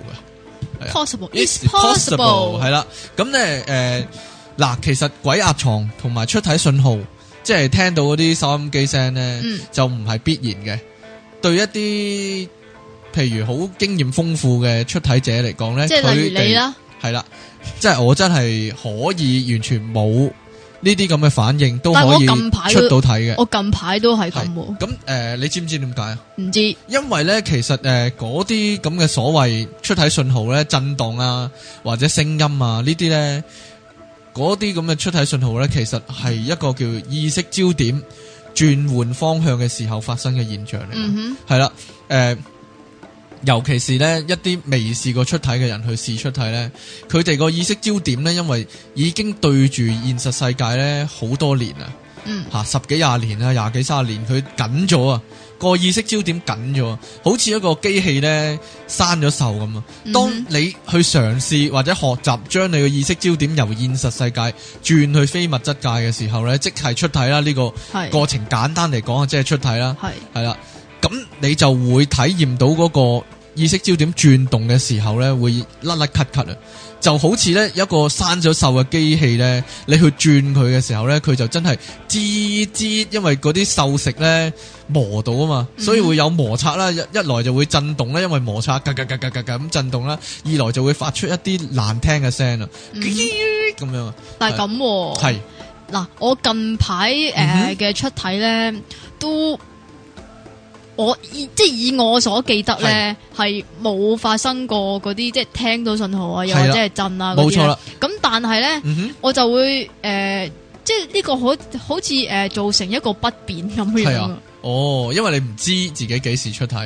噶 possible，is possible 係啦。咁咧、就是，誒、呃，嗱、嗯，其實鬼壓床同埋出體信號，即、就、係、是、聽到嗰啲收音機聲咧，嗯、就唔係必然嘅。對一啲譬如好經驗豐富嘅出體者嚟講咧，即係例如你啦，係啦，即係、就是、我真係可以完全冇。呢啲咁嘅反應都可以出到體嘅，我近排都係咁。咁誒、呃，你知唔知點解啊？唔知，因為咧，其實誒嗰啲咁嘅所謂出體信號咧，震盪啊，或者聲音啊，呢啲咧，嗰啲咁嘅出體信號咧，其實係一個叫意識焦點轉換方向嘅時候發生嘅現象嚟。嗯哼，係啦，誒、呃。尤其是咧一啲未試過出體嘅人去試出體呢，佢哋個意識焦點呢，因為已經對住現實世界呢好多年啦，嗯，嚇十幾廿年啦，廿幾三十年，佢緊咗啊，個意識焦點緊咗，好似一個機器呢，生咗銹咁啊。當你去嘗試或者學習將你嘅意識焦點由現實世界轉去非物質界嘅時候呢，即係出體啦。呢、這個過程簡單嚟講即係出體啦，係啦是，咁你就會體驗到嗰、那個。意識焦點轉動嘅時候咧，會甩甩咳咳啊，就好似咧一個生咗鏽嘅機器咧，你去轉佢嘅時候咧，佢就真係吱吱，因為嗰啲鏽蝕咧磨到啊嘛，所以會有摩擦啦。一來就會震動咧，因為摩擦，嘎嘎嘎嘎嘎咁震動啦；二來就會發出一啲難聽嘅聲啊，咁樣是。但係咁，係嗱，我近排誒嘅出體咧都。我以即係以我所記得咧，係冇是發生過嗰啲即係聽到信號啊，又或者係震啊嗰啲冇錯啦。咁但係咧，嗯、哼我就會誒、呃，即係呢個好好似誒造成一個不便咁樣。係啊。哦，因為你唔知自己幾時出體。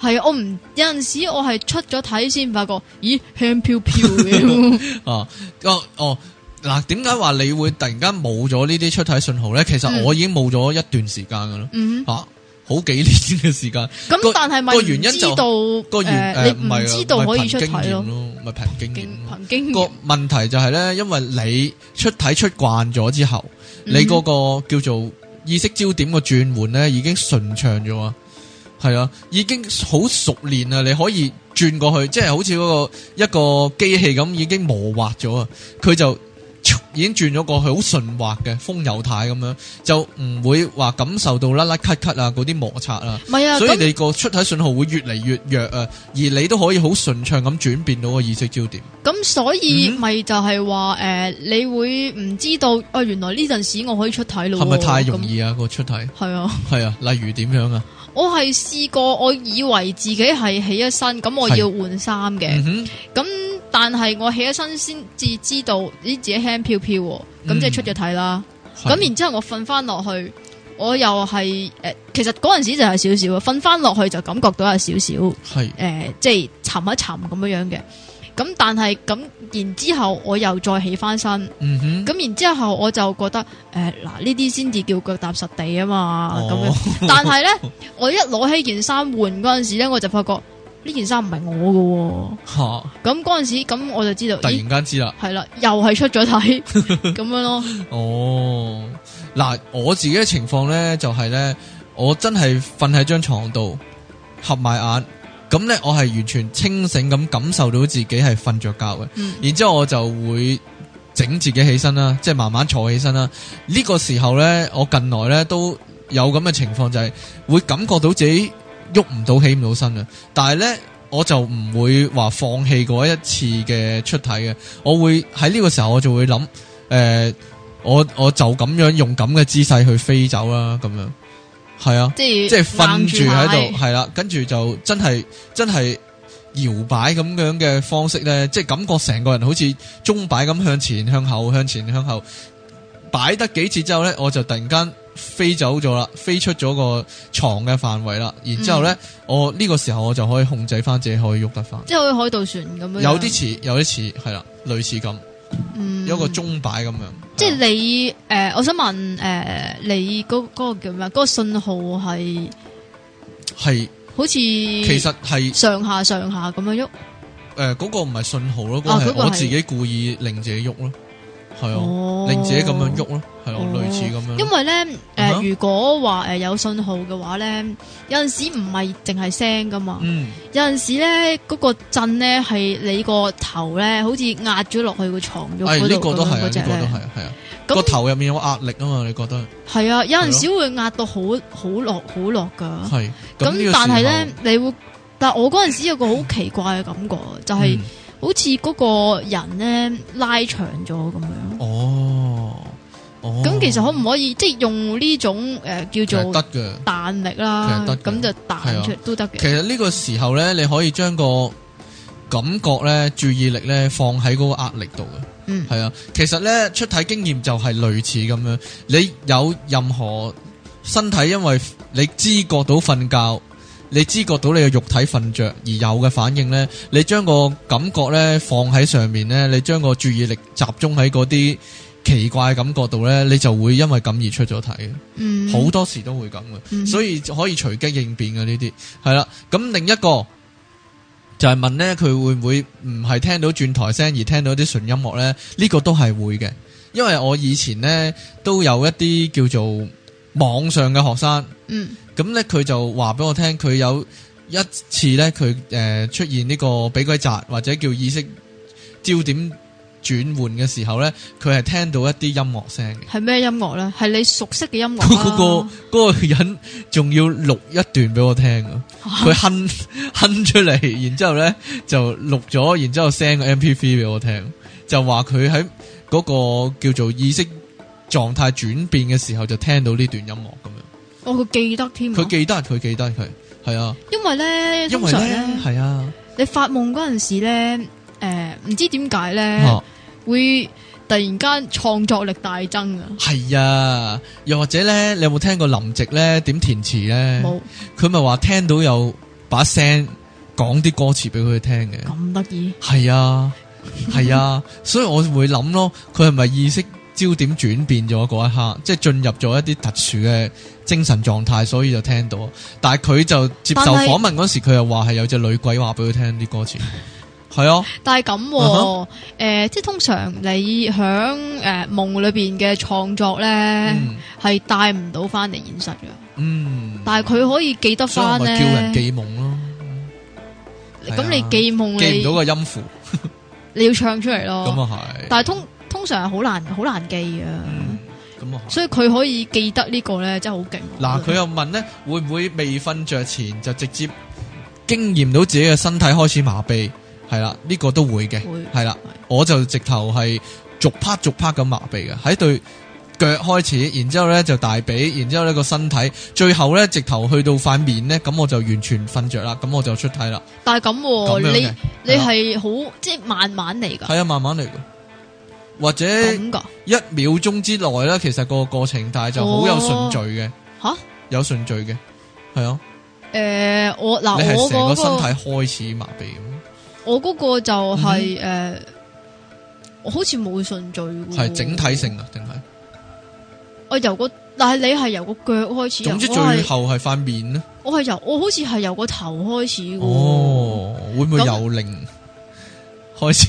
係啊，我唔有陣時我係出咗體先發覺，咦，輕飄飄嘅。哦、啊、哦，嗱、啊，點解話你會突然間冇咗呢啲出體信號咧？其實我已經冇咗一段時間噶啦。嗯、啊啊好幾年嘅時間，咁但係咪唔知道個原因？你唔知，、呃、知道可以出體咯，咪憑經驗。經驗個問題就係、是、咧，因為你出體出慣咗之後，嗯、哼你嗰個叫做意識焦點嘅轉換咧，已經順暢咗，係啊，已經好熟練啊，你可以轉過去，即、就、係、是、好似嗰個一個機器咁，已經磨滑咗啊，佢就。已經轉咗過去，好順滑嘅，風油態咁樣，就唔會話感受到甩甩咳咳啊嗰啲摩擦啊，所以你個出體信號會越嚟越弱啊，而你都可以好順暢咁轉變到個意識焦點。咁所以咪、嗯、就係話誒，你會唔知道啊？原來呢陣時我可以出體咯，係咪太容易啊個那出體？係啊，係啊，例如點樣啊？我係試過，我以為自己係起一身，咁我要換衫嘅，咁、啊。嗯但係我起咗身先至知道，咦，自己輕飄飄喎，咁、嗯、即係出咗體啦。咁是然之後我瞓翻落去，我又係誒、呃，其實嗰陣時就係少少，瞓翻落去就感覺到係少少，係誒是、呃，即係沉一沉咁樣樣嘅。咁但係咁然之後我又再起翻身，咁、嗯、哼然之後我就覺得誒，嗱，呢啲先至叫腳踏實地啊嘛。咁、哦、樣，但係咧 (laughs) 我一攞起件衫換嗰陣時咧，我就發覺。呢件衫唔係我嘅、哦，吓咁嗰陣時，咁我就知道，突然間知啦，係啦、哎，又係出咗體咁樣咯。哦，嗱，我自己嘅情況咧，就係、是、咧，我真係瞓喺張床度，合埋眼，咁咧，我係完全清醒咁感受到自己係瞓着覺嘅。嗯、然之後我就會整自己起身啦，即、就、係、是、慢慢坐起身啦。呢、這個時候咧，我近來咧都有咁嘅情況，就係、是、會感覺到自己。喐唔到，起唔到身啊！但係咧，我就唔會話放棄嗰一次嘅出體嘅，我會喺呢個時候我就會諗，誒、呃，我我就咁樣用咁嘅姿勢去飛走啦，咁樣係啊，啊即係瞓住喺度，係啦、嗯，跟住、啊、就真係真係搖擺咁樣嘅方式咧，即、就、係、是、感覺成個人好似鐘擺咁向前、向後、向前、向後擺得幾次之後咧，我就突然間。飛走咗啦，飛出咗個床嘅範圍啦，然之後咧，嗯、我呢、呢個時候我就可以控制翻自己可以喐得翻，即係好似海盜船咁樣，有啲似，有啲似，係啦，類似咁，有、嗯、一個鐘擺咁樣。即係你誒、呃，我想問誒、呃，你嗰、那、嗰、個嗰個叫咩？嗰、嗰個信號係係，是好似像 其實係上下上下咁樣喐。誒、呃，嗰、嗰個唔係信號咯，嗰個啊嗰個、係我自己故意令自己喐咯。係啊，令、哦、自己咁樣喐咯，係啊，哦、類似咁樣。因為咧，誒、呃，uh huh. 如果話誒有信號嘅話咧，有陣時唔係淨係聲噶嘛，嗯、有陣時咧嗰、嗰個震咧係你個頭咧，好似壓咗落去床、哎這個床嗰度咁樣嗰隻咧，嗰個，個頭入面有壓力啊嘛，你覺得？係啊，有陣時會壓到好好落好落噶。係咁，但係咧你會，但係我嗰陣時有個好奇怪嘅感覺，就係、是。嗯好似嗰個人咧拉長咗咁樣哦。哦，咁其、呃、其實可唔可以即係用呢種誒叫做彈力啦，咁就彈出都得，嗯啊。其實呢個時候咧，你可以將個感覺咧、注意力咧放喺嗰個壓力度嘅。嗯，係啊，其實咧出體經驗就係類似咁樣，你有任何身體因為你知覺到瞓覺。你知覺到你嘅肉體瞓着，而有嘅反應呢，你將個感覺呢放喺上面呢，你將個注意力集中喺嗰啲奇怪嘅感覺度呢，你就會因為咁而出咗體。嗯、好多時都會咁嘅，嗯、所以可以隨機應變嘅呢啲係啦。咁另一個就係、係、問呢，佢會唔會唔係聽到轉台聲而聽到啲純音樂呢？呢、呢個都係會嘅，因為我以前呢，都有一啲叫做網上嘅學生。嗯。咁咧，佢就話俾我聽，佢有一次咧，佢、呃、誒出現呢個俾鬼扎或者叫意識焦點轉換嘅時候咧，佢係聽到一啲音樂聲嘅。係咩音樂咧？係你熟悉嘅音樂，啊 (laughs) 嗰個、嗰個人仲要錄一段俾我聽啊！佢哼哼出嚟，然之後咧就錄咗，然之後 send 個 MP3 俾我聽，就話佢喺嗰個叫做意識狀態轉變嘅時候，就聽到呢段音樂咁樣。我佢、哦、記得添，佢記得佢記得佢，係啊，因為咧，呢因為咧，係啊，你發夢嗰陣時咧，誒、呃，唔知點解咧，啊、會突然間創作力大增啊！係啊，又或者咧，你有冇聽過林夕咧點填詞咧？冇沒，佢咪話聽到有把聲講啲歌詞俾佢聽嘅，咁得意，係啊，係啊， (laughs) 所以我會諗咯，佢係咪意識？焦點轉變咗嗰一刻，即係進入咗一啲特殊嘅精神狀態，所以就聽到。但係佢就接受訪問嗰時，佢又話係有隻女鬼話俾佢聽啲歌詞，係啊。但係咁誒，即係、呃、通常你響誒夢裏邊嘅創作咧，係帶唔到翻嚟現實嘅。嗯。但係佢可以記得翻，所以咪叫人記夢咯。咁、嗯、你記夢，記唔到個音符， (laughs) 你要唱出嚟咯。咁啊係。但係通。通常係好難好難記啊，嗯嗯、所以佢可以記得呢、這個咧，真係好勁。嗱喇，佢覺又問咧，會唔會未瞓着前就直接經驗到自己嘅身體開始麻痹？係啦，呢、這個都會嘅，係啦。我就直頭係逐 p 逐 p a 咁麻痹嘅，喺對腳開始，然之後咧就大髀，然之後咧個身體，最後咧直頭去到塊面咧，咁我就完全瞓着啦，咁我就出體啦。但係咁、啊，你你係好即係慢慢嚟噶？係啊，慢慢嚟。或者一秒鐘之內咧，其實個過程，但係就好有順序嘅。吓、哦，有順序嘅，係啊。誒的、呃，我嗱，我、呃、成個身體開始麻痹。我嗰個就係、是、誒、嗯呃，我好似冇順序。係整體性啊，定係、呃？我由個，但係你係由個腳開始。總之，最後係塊面咧。我係由我好似係由個頭開始。哦，會唔會有靈？開始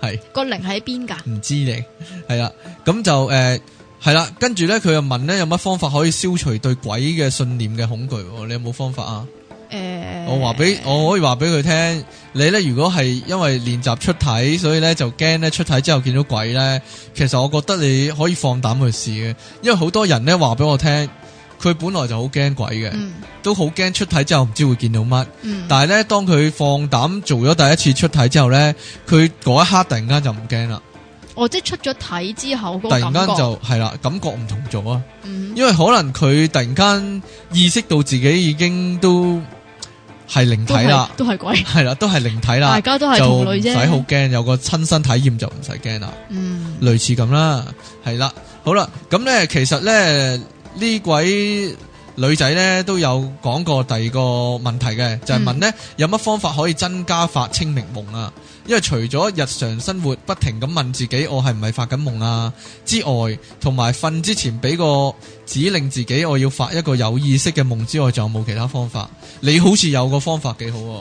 係個靈喺邊噶？唔知你係啦，咁就誒係啦。跟住咧，佢又問咧，有乜方法可以消除對鬼嘅信念嘅恐懼？你有冇方法啊？誒、欸，我話俾我可以話俾佢聽，你咧如果係因為練習出體，所以咧就驚咧出體之後見到鬼咧，其實我覺得你可以放膽去試嘅，因為好多人咧話俾我聽。佢本來就好驚鬼嘅，都好驚出體之後唔知會見到乜。但係咧，當佢放膽做咗第一次出體之後咧，佢嗰一刻突然間就唔驚啦。哦，即係出咗體之後，突然間就係啦，感覺唔同咗啊。因為可能佢突然間意識到自己已經都係靈體啦，都係鬼，係啦，都係靈體啦。大家都係同，就唔使好驚，有個親身體驗就唔使驚啦。嗯，類似咁啦，係啦，好啦，咁咧其實咧。呢位女仔呢都有講過第二個問題嘅，就係、是、問呢：嗯「有乜方法可以增加發清明夢啊？因為除咗日常生活不停咁問自己我係唔係發緊夢啊之外，同埋瞓之前俾個指令自己我要發一個有意識嘅夢之外，仲有冇其他方法？你好似有個方法幾好，啊，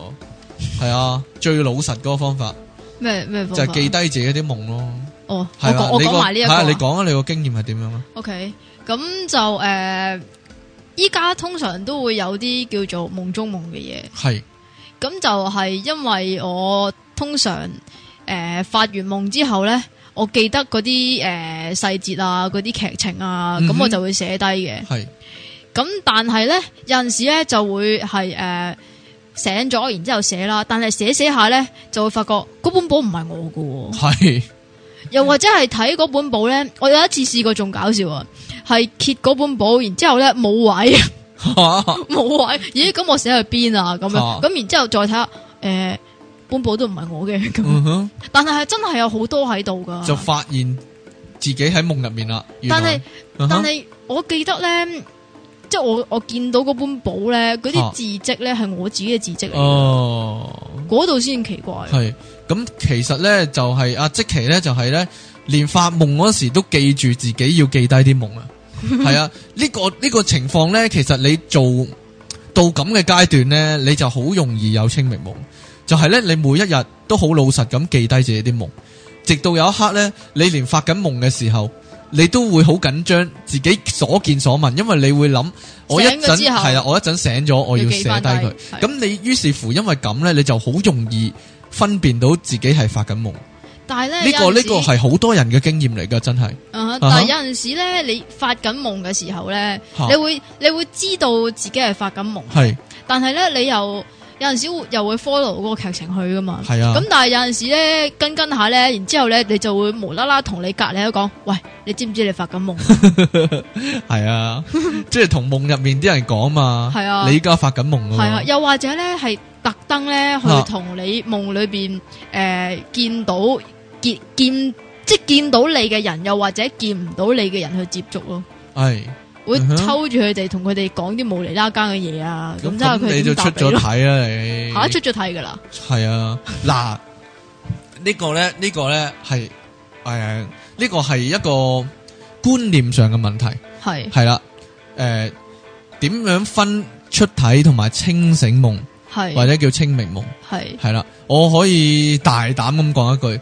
係 (laughs) 啊，最老實嗰個方法咩咩就係記低自己啲夢咯。哦，吧我講你講個、啊啊、下你個經驗係點樣啊？O K。Okay. 咁就誒，依、呃、家通常都會有啲叫做夢中夢嘅嘢。係咁是就係因為我通常誒、呃、發完夢之後咧，我記得嗰啲誒細節啊，嗰啲劇情啊，咁、嗯、哼我就會寫低嘅。係咁是、呃，但係咧有陣時咧就會係誒醒咗，然之後寫啦。但係寫寫下咧就會發覺嗰本簿唔係我嘅、哦。係是又或者係睇嗰本簿咧，我有一次試過仲搞笑啊！係揭嗰本簿，然之後咧冇位，冇、啊、位。咦？咁我寫喺邊啊？咁樣咁，啊、然之後再睇下誒，本簿都唔係我嘅。咁，嗯、哼但係係真係有好多喺度噶。就發現自己喺夢入面啦。但係是、嗯、哼但係，我記得咧，即係我我見到嗰本簿咧，嗰啲字跡咧係我自己嘅字跡嚟嘅。哦、啊，嗰度先奇怪。係咁，其實咧就係阿即其咧，就係、是、咧、啊就是、連發夢嗰時都記住自己要記低啲夢啊。係 (laughs) 啊，呢個呢個情況呢，其實你做到咁嘅階段呢，你就好容易有清明夢。就係呢，你每一日都好老實咁記低自己啲夢，直到有一刻呢，你連發緊夢嘅時候，你都會好緊張自己所見所聞，因為你會諗，我一陣係啦，我一陣醒咗，我要寫低佢。咁你於是乎，因為咁呢，你就好容易分辨到自己係發緊夢。但係咧，呢個呢個係好多人嘅經驗嚟噶，真係。但係有陣時咧，你發緊夢嘅時候咧，你會你會知道自己係發緊夢。係。但係咧，你又有陣時又會 follow 嗰個劇情去噶嘛？係啊。咁但係有陣時咧，跟跟下咧，然之後咧，你就會無啦啦同你隔籬一講，喂，你知唔知你發緊夢？係啊，即係同夢入面啲人講嘛。係啊。你而家發緊夢咯。係啊。又或者咧，係特登咧去同你夢裏邊誒見到。見見即係見到你嘅人，又或者見唔到你嘅人去接觸咯，係會抽住佢哋，同佢哋講啲無厘啦更嘅嘢啊，咁之後佢就出咗體啦，你吓出咗體噶啦，係啊。嗱呢個咧呢個咧係誒呢個係一個觀念上嘅問題，係係啦誒點樣分出體同埋清醒夢，係或者叫清明夢，係係啦，我可以大膽咁講一句。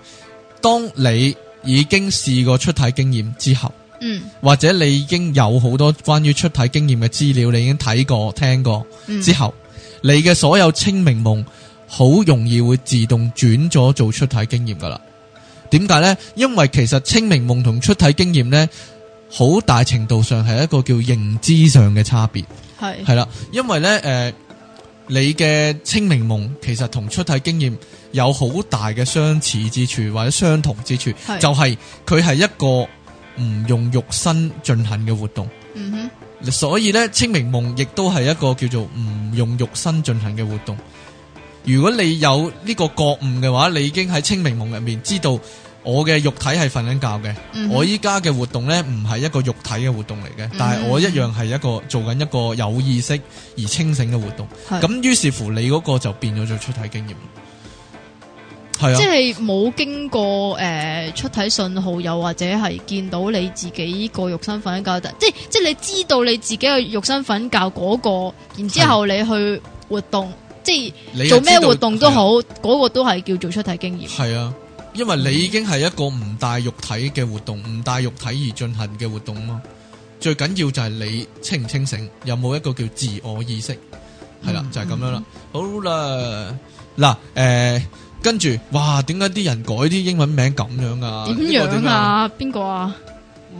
當你已經試過出體經驗之後，嗯，或者你已經有好多關於出體經驗嘅資料，你已經睇過、聽過之後，嗯、你嘅所有清明夢好容易會自動轉咗做出體經驗噶啦。點解呢？因為其實清明夢同出體經驗呢，好大程度上係一個叫認知上嘅差別，係係啦，因為呢。誒、呃。你嘅清明夢其實同出體經驗有好大嘅相似之處或者相同之處，是就係佢係一個唔用肉身進行嘅活動。嗯哼，所以呢，清明夢亦都係一個叫做唔用肉身進行嘅活動。如果你有呢個覺悟嘅話，你已經喺清明夢入面知道。我嘅肉體係瞓緊覺嘅，嗯、哼我依家嘅活動呢，唔係一個肉體嘅活動嚟嘅，嗯、哼但係我一樣係一個做緊一個有意識而清醒嘅活動。咁於是，是乎，你嗰個就變咗做出體經驗。係啊、即係冇經過誒、呃、出體信號，又或者係見到你自己個肉身瞓緊覺，即係你知道你自己嘅肉身瞓覺嗰個，然後之後你去活動，是即係做咩活動都好，嗰、啊、個都係叫做出體經驗。係啊。因為你已經係一個唔帶肉體嘅活動，唔帶肉體而進行嘅活動咯。最緊要就係你清唔清醒，有冇一個叫自我意識？係、嗯、啦，就係、是、咁樣啦。嗯、好啦，嗱誒，跟、呃、住哇，點解啲人改啲英文名咁樣啊？點樣啊？邊個啊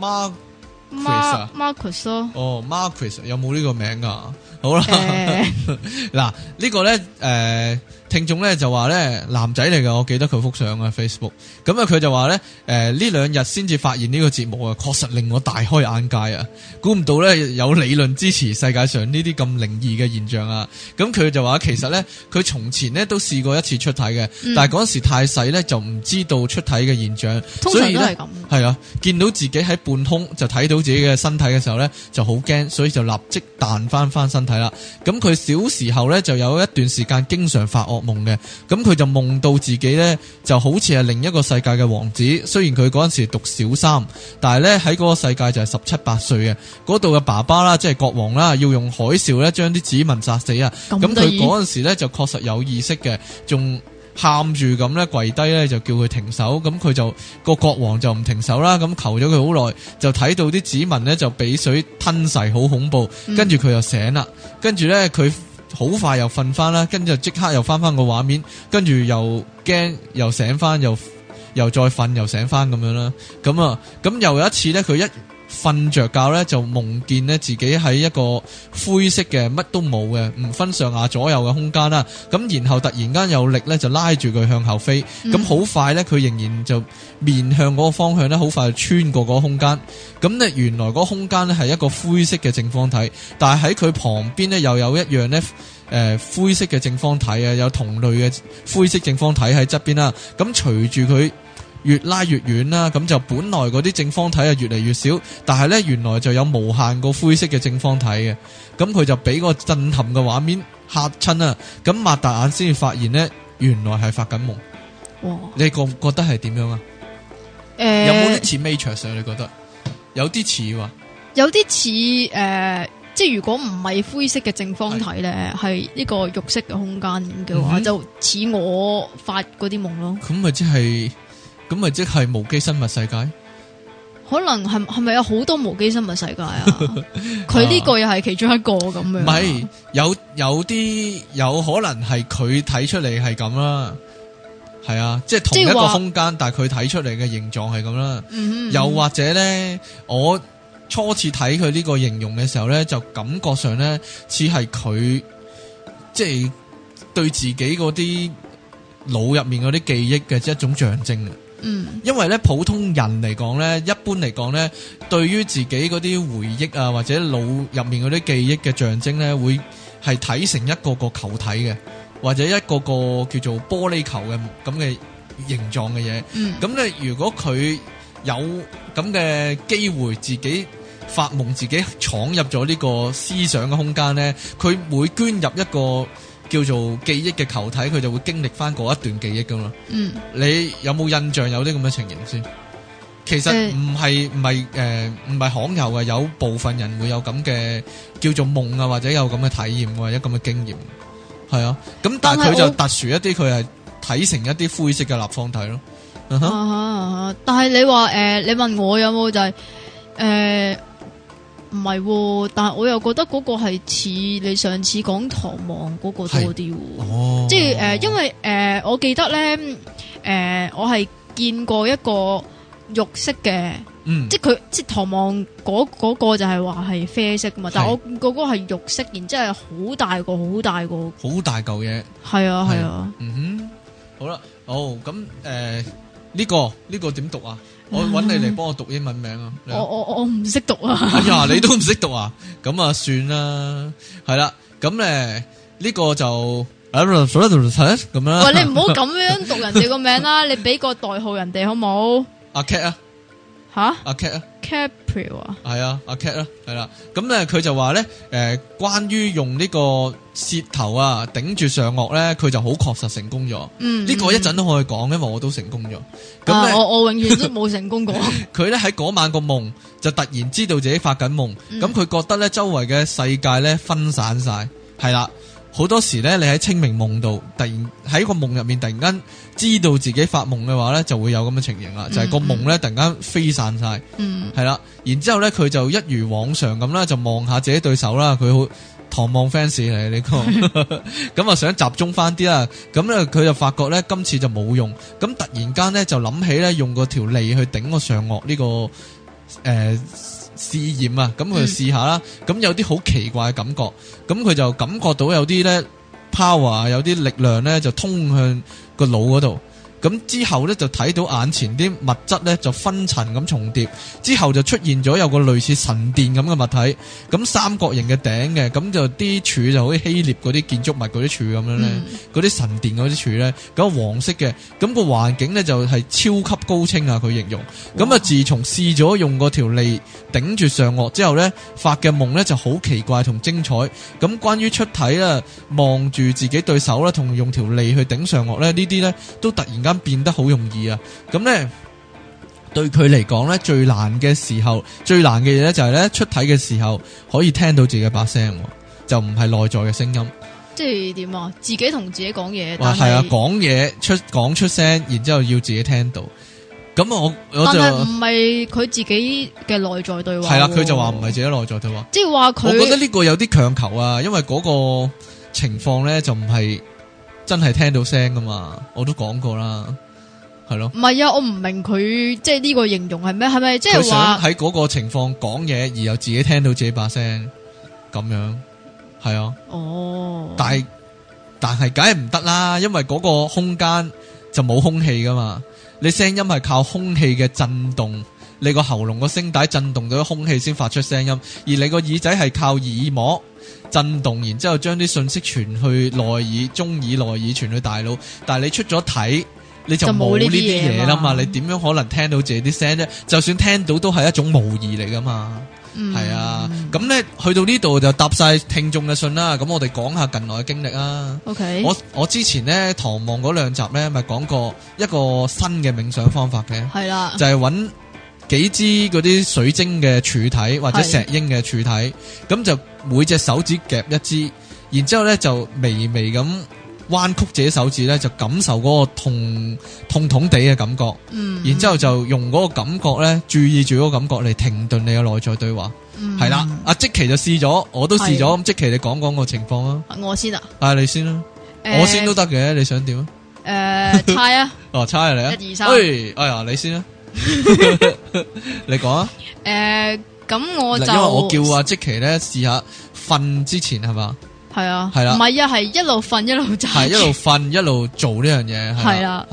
？Marquez。Marquez 咯。哦，Marquez 有冇呢個名啊？好啦，嗱、欸 (laughs) 這個、呢個咧誒。呃聽眾咧就話咧男仔嚟嘅，我記得佢幅相啊 Facebook。咁啊佢就話咧，誒呢兩日先至發現呢個節目啊，確實令我大開眼界啊！估唔到咧有理論支持世界上呢啲咁靈異嘅現象啊！咁佢就話其實咧，佢從前咧都試過一次出體嘅，但係陣時太細咧就唔知道出體嘅現象，嗯、所以都係咁。係啊，見到自己喺半空就睇到自己嘅身體嘅時候咧就好驚，所以就立即彈翻翻身體啦。咁佢小時候咧就有一段時間經常發夢嘅，咁佢、嗯、就夢到自己呢，就好似係另一個世界嘅王子。雖然佢嗰陣時讀小三，但係呢，喺嗰個世界就係十七八歲嘅。嗰度嘅爸爸啦，即係國王啦，要用海嘯咧將啲子民殺死啊。咁得意。咁佢嗰陣時咧就確實有意識嘅，仲喊住咁呢，跪低呢，就叫佢停手。咁佢就個國王就唔停手啦。咁求咗佢好耐，就睇到啲子民呢，就俾水吞噬，好恐怖。跟住佢又醒啦。跟住呢，佢。好快又瞓翻啦，跟住即刻又翻翻個畫面，跟住又驚又醒翻，又又再瞓又醒翻咁樣啦，咁啊，咁又有一次咧，佢一。瞓着覺咧，就夢見咧自己喺一個灰色嘅乜都冇嘅，唔分上下左右嘅空間啦。咁然後突然間有力咧，就拉住佢向後飛。咁好、嗯、快咧，佢仍然就面向嗰個方向咧，好快就穿過嗰個空間。咁咧原來嗰個空間咧係一個灰色嘅正方體，但係喺佢旁邊咧又有一樣咧誒灰色嘅正方體啊，有同類嘅灰色正方體喺側邊啦。咁隨住佢。越拉越遠啦，咁就本來嗰啲正方體啊越嚟越少，但係咧原來就有無限個灰色嘅正方體嘅，咁佢就俾個震撼嘅畫面吓親啊，咁擘大眼先至發現咧，原來係發緊夢。哇！你覺唔覺得係點樣啊？誒，有冇啲似 Matrix 啊？你覺得有啲似話，有啲似誒，即係如果唔係灰色嘅正方體咧，係一個肉色嘅空間嘅話，嗯、就似我發嗰啲夢咯。咁咪即係？咁咪即係無機生物世界？可能係，係咪有好多無機生物世界啊？佢呢 (laughs) 個又係其中一個咁樣。唔係 (laughs) 有有啲有可能係佢睇出嚟，係咁啦。係啊，即係同一個空間，但係佢睇出嚟嘅形狀係咁啦。嗯嗯，又或者咧，我初次睇佢呢個形容嘅時候咧，就感覺上咧似係佢即係對自己嗰啲腦入面嗰啲記憶嘅即係一種象徵。嗯，因為咧普通人嚟講咧，一般嚟講咧，對於自己嗰啲回憶啊，或者腦入面嗰啲記憶嘅象徵咧，會係睇成一個個球體嘅，或者一個個叫做玻璃球嘅咁嘅形狀嘅嘢。嗯，咁咧如果佢有咁嘅機會，自己發夢，自己闖入咗呢個思想嘅空間咧，佢會捐入一個。叫做記憶嘅球體，佢就會經歷翻嗰一段記憶噶嘛。嗯，你有冇印象有啲咁嘅情形先？其實唔係唔係誒，唔係、欸呃、罕有嘅，有部分人會有咁嘅叫做夢啊，或者有咁嘅體驗或者咁嘅經驗。係啊，咁但係佢就特殊一啲，佢係睇成一啲灰色嘅立方體咯、啊哈啊哈。但係你話誒、呃，你問我有冇就係、是、誒？呃唔係，但係我又覺得嗰個係似你上次講唐望嗰個多啲，哦、即係誒、呃，因為誒、呃，我記得咧，誒、呃，我係見過一個玉色嘅、嗯，即係佢即係唐望嗰、嗰、嗰、個嗰個就係話係啡色噶嘛，是但係我嗰個係玉色，然之後好大個，好大個，好大嚿嘢，係啊，係啊，啊，嗯哼，好啦，好咁誒，呢、呃呢個呢、呢個點、呢個、讀啊？我揾你嚟幫我讀英文名啊！我我我唔識讀啊！哎呀，你都唔識讀啊？咁啊 (laughs) 算啦，係啦，咁咧呢個就咁樣。喂，你唔好咁樣讀人哋個名啦、啊， (laughs) 你俾個代號人哋好唔好？阿 Cat 啊，吓？阿 Cat 啊。啊啊啊。係啊，阿、啊、cat 啦、啊，係、嗯、啦，咁咧佢就話咧，誒、呃，關於用呢個舌頭啊，頂住上顎咧，佢就好確實成功咗。嗯，呢個一陣都可以講，因為我都成功咗。咁、嗯啊嗯、我我永遠都冇成功過。佢咧喺嗰晚個夢就突然知道自己發緊夢，咁佢、嗯、覺得咧周圍嘅世界咧分散晒，係啦、啊。好多時咧，你喺清明夢度，突然喺個夢入面突然間知道自己發夢嘅話咧，就會有咁嘅情形啦，嗯嗯就係個夢咧突然間飛散晒，係啦、嗯嗯，然之後咧佢就一如往常咁啦，就望下自己對手啦，佢好唐望 fans 嚟呢個，咁啊、 (laughs) (laughs) 嗯、想集中翻啲啦，咁咧佢就發覺咧今次就冇用，咁突然間咧就諗起咧用條、個條脷去頂個上顎呢個誒。呃試驗啊，咁佢就試下啦，咁、嗯、有啲好奇怪嘅感覺，咁佢就感覺到有啲咧 power，有啲力量咧就通向個腦度。咁之後咧就睇到眼前啲物質咧就分層咁重疊之後就出現咗有個類似神殿咁嘅物體，咁三角形嘅頂嘅，咁就啲柱就好似希臘啲建築物啲柱咁樣咧，啲、嗯、神殿啲柱咧，咁、嗰個、黃色嘅，咁、嗰個環境咧就係超級高清啊！佢形容，咁啊哇，自從試咗用嗰條脷頂住上顎之後咧，發嘅夢咧就好奇怪同精彩，咁關於出體啦，望住自己對手啦，同用條脷去頂上顎咧，呢啲咧都突然間。變得好容易啊！咁咧，對佢嚟講咧，最難嘅時候，最難嘅嘢，咧就係咧出體嘅時候，可以聽到自己把聲，就唔係內在嘅聲音。即係點啊？自己同自己講嘢，係啊，講嘢出講出聲，然之後要自己聽到。咁但係就啊，我但、啊、就唔係佢自己嘅內在對話。係啦，佢就話唔係自己內在對話，即係話佢。我覺得呢個有啲強求啊，因為嗰個情況咧就唔係。真係聽到聲噶嘛？我都講過啦，係咯。唔係啊，我唔明佢即係呢個形容係咩？係咪即係話佢想喺嗰個情況講嘢，而又自己聽到自己把聲咁樣？係啊。哦。但係但係，梗係唔得啦，因為嗰個空間就冇空氣噶嘛。你聲音係靠空氣嘅震動，你個喉嚨個聲帶震動咗空氣先發出聲音，而你個耳仔係靠耳膜，震動，然之後將啲信息傳去內耳、中耳、內耳傳去大腦，但係你出咗體，你就冇呢啲嘢啦嘛。你點樣可能聽到自己啲聲呢？就算聽到，都係一種模擬嚟噶嘛。係、嗯、啊，咁、嗯、呢、嗯、去到呢度就答晒聽眾嘅信啦。咁我哋講下近來嘅經歷啊。OK，我我之前呢，唐望嗰兩集呢咪講過一個新嘅冥想方法嘅，係啦、嗯，就係揾。幾支嗰啲水晶嘅柱體或者石英嘅柱體，咁就每隻手指夾一支，然之後咧就微微咁彎曲自己手指咧，就感受嗰個痛痛痛地嘅感覺。嗯，然之後就用嗰個感覺咧，注意住嗰個感覺嚟停頓你嘅內在對話。嗯，係啦，阿即奇就試咗，我都試咗。咁即奇你講講個情況啊？我先啊，係你先啦，我先都得嘅。你想點？誒，猜啊！哦，猜啊，你啊，一二三，哎呀，你先啦。 (laughs) 你講啊吧？誒、呃，咁我就因為我叫阿即奇咧試下瞓之前係嘛？係啊，係啦，唔係啊，係、啊、一路瞓一路就係一路瞓一路做呢樣嘢係啦。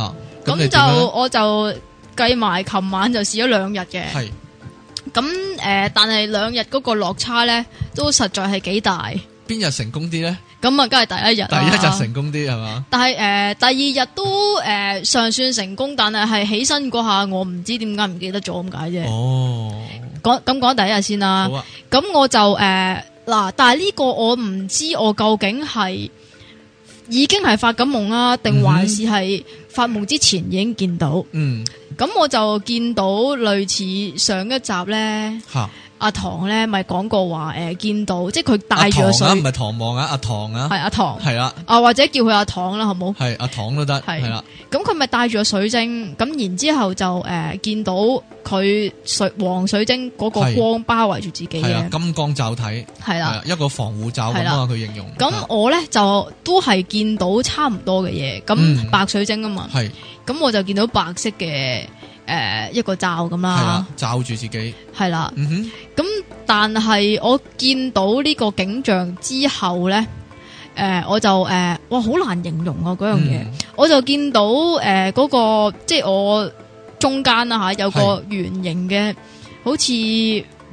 咁就我就計埋琴晚就試咗兩日嘅，係咁誒，但係兩日嗰個落差咧都實在係幾大。邊日成功啲咧？咁啊，梗係第一日，第一日成功啲係嘛？但係誒、呃，第二日都誒、呃、尚算成功，但係係起身嗰下，我唔知點解唔記得咗咁解啫。哦，講咁講第一日先啦。好啊。咁我就誒嗱、呃，但係呢個我唔知我究竟係已經係發緊夢啦，定還是係發夢之前已經見到？嗯。咁我就見到類似上一集咧。吓。阿唐咧，咪講過話誒，見到即係佢帶住個水晶，唔係唐望啊，阿唐啊，係阿唐，係啦，啊或者叫佢阿唐啦，好冇？係阿唐都得，係啦。咁佢咪帶住個水晶，咁然之後就誒見到佢水黃水晶嗰個光包圍住自己嘅金光罩體，係啦，一個防護罩咁樣，佢形容。咁我咧就都係見到差唔多嘅嘢，咁白水晶啊嘛，係，咁我就見到白色嘅。誒、呃，一個罩咁啦、啊，罩住自己係啦。咁、啊嗯、哼但係我見到呢個景象之後咧，誒、呃，我就誒、呃，哇，好難形容啊嗰樣嘢。嗯、我就見到誒，嗰、呃那個即係我中間啦吓，有個圓形嘅是好似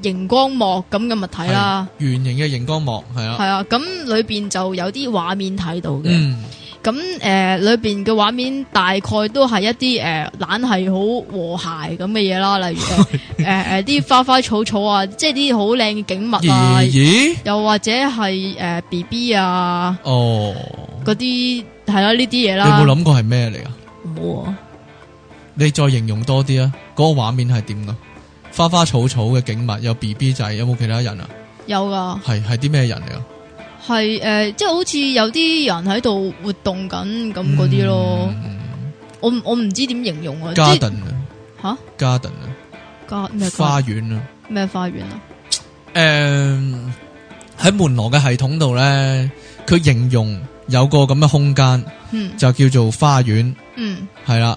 熒光幕咁嘅物體啦、啊，圓形嘅熒光幕係啊，係啊。咁裏邊就有啲畫面睇到嘅。嗯咁誒、呃，裏邊嘅畫面大概都係一啲誒，懶係好和諧咁嘅嘢啦，例如誒誒啲花花草草啊，即係啲好靚嘅景物啊，欸、又或者係誒、呃、B B 啊，哦，嗰啲係啦，呢啲嘢啦。你有冇諗過係咩嚟啊？冇啊！你再形容多啲啊！嗰、嗰個畫面係點啊？花花草草嘅景物有 B B 仔，有冇其他人啊？有噶的。係係啲咩人嚟啊？係誒、呃，即係好似有啲人喺度活動緊咁嗰啲咯。我我唔知點形容 Garden, 即啊。Garden, 花園吓，花園,花園啊，咩花園啊，咩花園啊？誒，喺門羅嘅系統度咧，佢形容有個咁嘅空間，嗯，就叫做花園，嗯，係啦，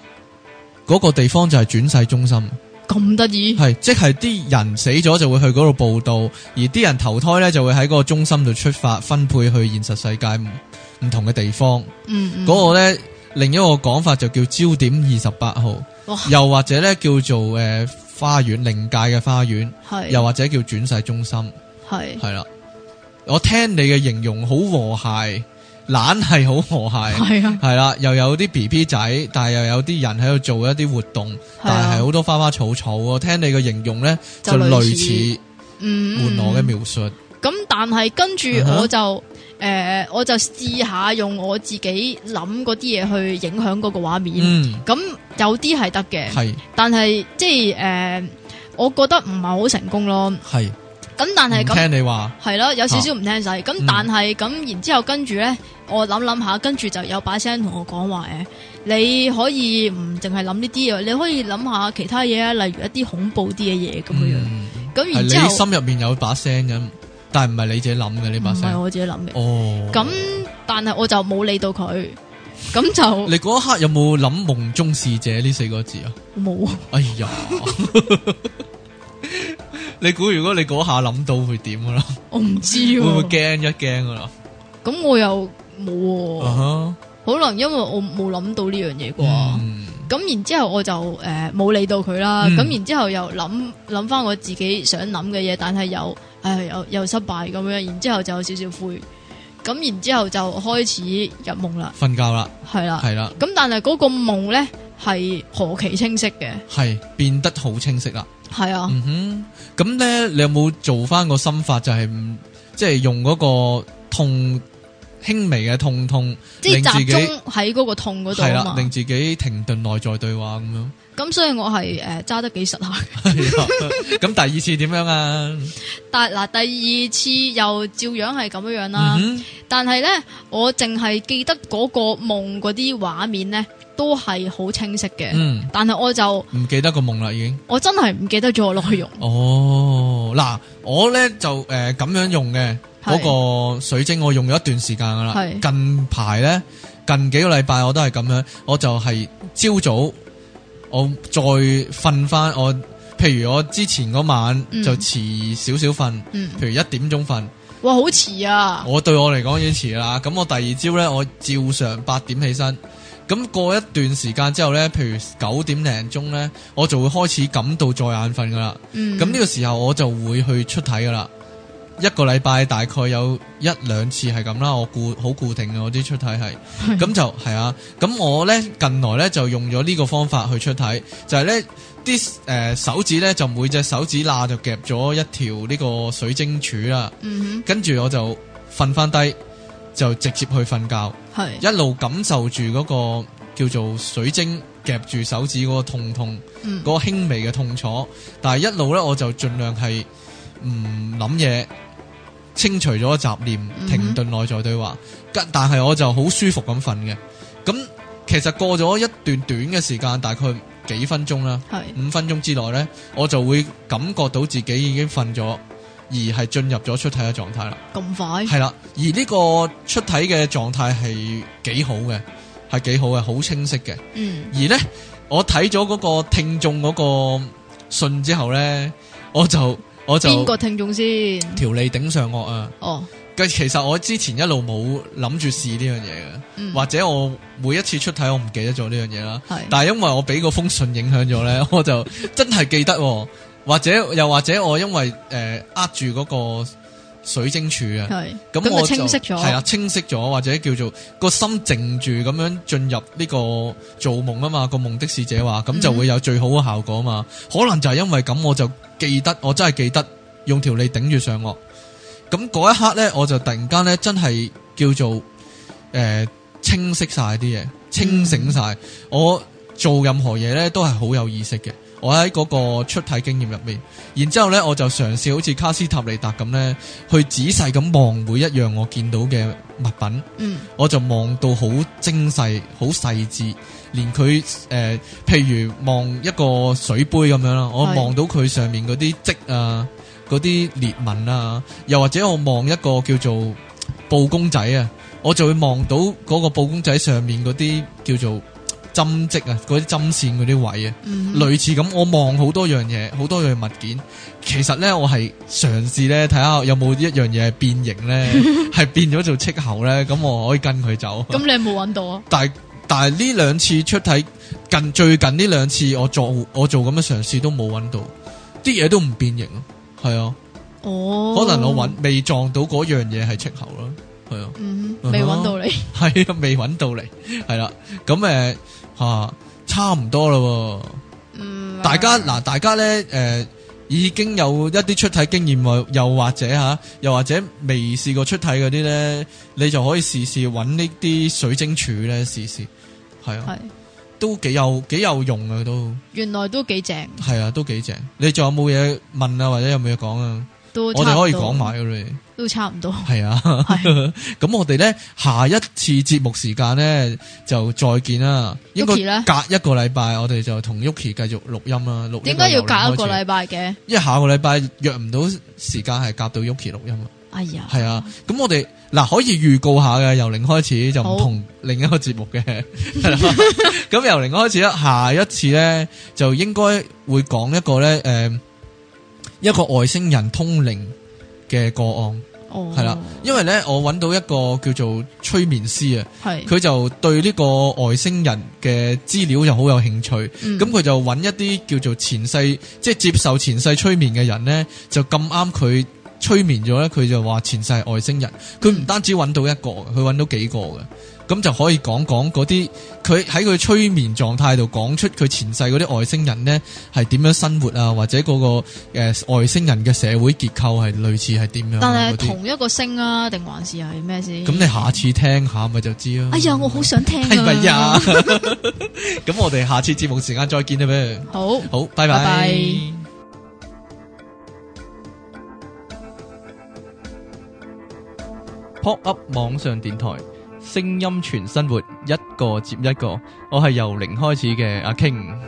嗰、嗰個地方就係轉世中心。咁得意係，即係啲人死咗就會去嗰度報到，而啲人投胎呢就會喺嗰個中心度出發，分配去現實世界唔同嘅地方。嗯嗰、嗯、個呢，另一個講法就叫焦點二十八號，哇又或者呢叫做誒、呃、花園靈界嘅花園，是又或者叫轉世中心，係係啦。我聽你嘅形容好和諧。懶係好和諧，係啊，係啦，又有啲 BB 仔，但係又有啲人喺度做一啲活動，但係好多花花草草啊！聽你個形容咧，就類似嗯，滿我嘅描述。咁但係跟住我就誒，我就試下用我自己諗嗰啲嘢去影響嗰個畫面。咁有啲係得嘅，係，但係即係誒，我覺得唔係好成功咯。係，咁但係咁，聽你話係咯，有少少唔聽使。咁但係咁，然之後跟住咧。我諗諗下，跟住就有把聲同我講話誒，你可以唔淨係諗呢啲嘢，你可以諗下其他嘢啊，例如一啲恐怖啲嘅嘢咁樣。咁然之後，係你心入面有把聲嘅，但係唔係你自己諗嘅呢把聲。唔係我自己諗嘅。哦。咁，但係我就冇理到佢，咁就。你嗰一刻有冇諗夢中使者呢四個字啊？冇。沒哎呀！ (laughs) (laughs) (laughs) 你估如果你嗰下諗到會點噶啦？我唔知，啊 (laughs) 會會。會唔會驚一驚噶啦？咁我又。冇，啊 uh huh. 可能因為我冇諗到呢樣嘢啩，咁哇然之後我就誒冇、呃、理到佢啦。咁、嗯、然之後又諗諗翻我自己想諗嘅嘢，但係又誒、哎、又又失敗咁樣。然之後就有少少灰，咁然之後就開始入夢啦，瞓覺啦，係啦了，係啦了。咁但係嗰個夢咧係何其清晰嘅，係變得好清晰啦，係啊。咁咧、嗯、你有冇做翻個心法，就係、是、即係用嗰個痛？輕微嘅痛痛，即係是 集中喺嗰個痛嗰度啊嘛，令自己停頓內在對話咁樣。咁所以我係誒揸得幾實下、 (laughs) 嗯。咁第二次點樣啊？但嗱第二次又照樣係咁樣樣啦，嗯、哼但係咧，我淨係記得嗰個夢嗰啲畫面咧都係好清晰嘅。嗯，但係我就唔記得個夢啦，已經。我真係唔記得咗個內容。哦，嗱，我咧就誒咁、呃、樣用嘅。嗰是個水晶我用咗一段時間噶啦，是近排呢，近幾個禮拜我都係咁樣，我就係朝早我再瞓翻我，譬如我之前嗰晚就遲少少瞓，嗯、譬如一點鐘瞓，嗯、哇好遲啊！我對我嚟講已經遲啦，咁我第二朝呢，我照常八點起身，咁過一段時間之後呢，譬如九點零鐘呢，我就會開始感到再眼瞓噶啦，咁呢、嗯、個時候我就會去出體噶啦。一個禮拜大概有一兩次係咁啦，我固好固定嘅，我啲出體係，咁就係啊。咁我呢近來呢就用咗呢個方法去出體，就係、是、呢啲誒、呃、手指呢，就每隻手指罅就夾咗一條呢個水晶柱啦。跟住、嗯、哼我就瞓翻低，就直接去瞓覺，是一路感受住嗰、嗰個叫做水晶夾住手指嗰個痛痛，嗰、嗯、個輕微嘅痛楚。但係一路呢，我就盡量係唔諗嘢。清除咗雜念，停頓內在對話。Mm hmm. 但係我就好舒服咁瞓嘅。咁其實過咗一段短嘅時間，大概幾分鐘啦，是五分鐘之內呢，我就會感覺到自己已經瞓咗，而係進入咗出體嘅狀態啦。咁快？係啦。而呢個出體嘅狀態係幾好嘅，係幾好嘅，好清晰嘅。嗯、mm。Hmm. 而呢，我睇咗嗰個聽眾嗰個信之後呢，我就。我就，邊個聽眾先？條脷頂上顎啊！哦，咁其實我之前一路冇諗住試呢樣嘢嘅，嗯、或者我每一次出體我唔記得咗呢樣嘢啦。是但係因為我俾個封信影響咗呢， (laughs) 我就真係記得，啊，或者又或者我因為誒扼住嗰個。水晶柱啊，咁咪是清晰咗。係啊，清晰咗或者叫做個心靜住咁樣進入呢個做夢啊嘛，個夢的使者話咁就會有最好嘅效果啊嘛，嗯、可能就係因為咁，我就記得我真係記得用條脷頂住上顎，咁一刻咧，我就突然間咧真係叫做誒、呃、清晰晒啲嘢，清醒晒，嗯、我做任何嘢咧都係好有意識嘅。我喺嗰個出體經驗入面，然之後呢，我就嘗試好似卡斯塔尼達咁呢，去仔細咁望每一樣我見到嘅物品，嗯、我就望到好精細、好細緻，連佢誒、呃，譬如望一個水杯咁樣啦，我望到佢上面嗰啲跡啊、嗰啲裂紋啊，又或者我望一個叫做布公仔啊，我就會望到嗰個布公仔上面嗰啲叫做針織啊，嗰啲針線嗰啲位啊、mm，hmm. 類似咁，我望好多樣嘢，好多樣物件，其實咧我係嘗試咧睇下有冇一樣嘢係變形咧，係 (laughs) 變咗做出口咧，咁我可以跟佢走。咁你有冇揾到啊？但係但係呢兩次出體近最近呢兩次我做我做咁嘅嘗試都冇揾到，啲嘢都唔變形咯，係啊。哦、oh.，可能我揾未撞到嗰樣嘢係出口咯，係啊。未揾、嗯、到你係 (laughs) 啊，未揾到你，係 (laughs) 啦。咁、嗯、誒。嗯嗯吓、啊，差唔多啦、嗯，大家啊，大家嗱，大家咧，誒，已經有一啲出體經驗，又或者吓、啊，又或者未試過出體嗰啲咧，你就可以試試揾呢啲水晶柱咧，試試，係啊，都幾有幾有用啊，都原來都幾正，係啊，都幾正，你仲有冇嘢問啊，或者有冇嘢講啊？我哋可以講埋嘅啦，都差唔多。係啊，咁、啊、 (laughs) 我哋咧下一次節目時間咧就再見啦。Yuki 咧隔一個禮拜，我哋就同 Yuki 繼續錄音啦。點解要隔一個禮拜嘅？因為下個禮拜約唔到時間係夾到 Yuki 錄音啊。哎呀，係啊，咁我哋嗱可以預告下嘅，由零開始好就唔同另一個節目嘅。咁、 (laughs) 啊、由零開始啦，下一次咧就應該會講一個咧，誒、呃。一個外星人通靈嘅個案，係啦、哦，因為呢，我揾到一個叫做催眠師啊，係佢是就對呢個外星人嘅資料就好有興趣，咁佢、嗯、就揾一啲叫做前世，即、就、係、是、接受前世催眠嘅人呢，就咁啱佢催眠咗咧，佢就話前世係外星人，佢唔單止揾到一個，佢揾到幾個嘅。咁就可以講講嗰啲佢喺佢催眠狀態度講出佢前世嗰啲外星人呢係點樣生活啊，或者嗰、嗰個誒、呃、外星人嘅社會結構係類似係點樣？但係同一個星啊，定還是係咩先？咁你下次聽下咪就知咯。哎呀，我好想聽係咪啊！咁 (laughs) (laughs) 我哋下次節目時間再見啦，咩？好，好，拜拜。Bye bye。Pop Up 網上電台。聲音全生活，一個接一個。我係由零開始嘅阿 King。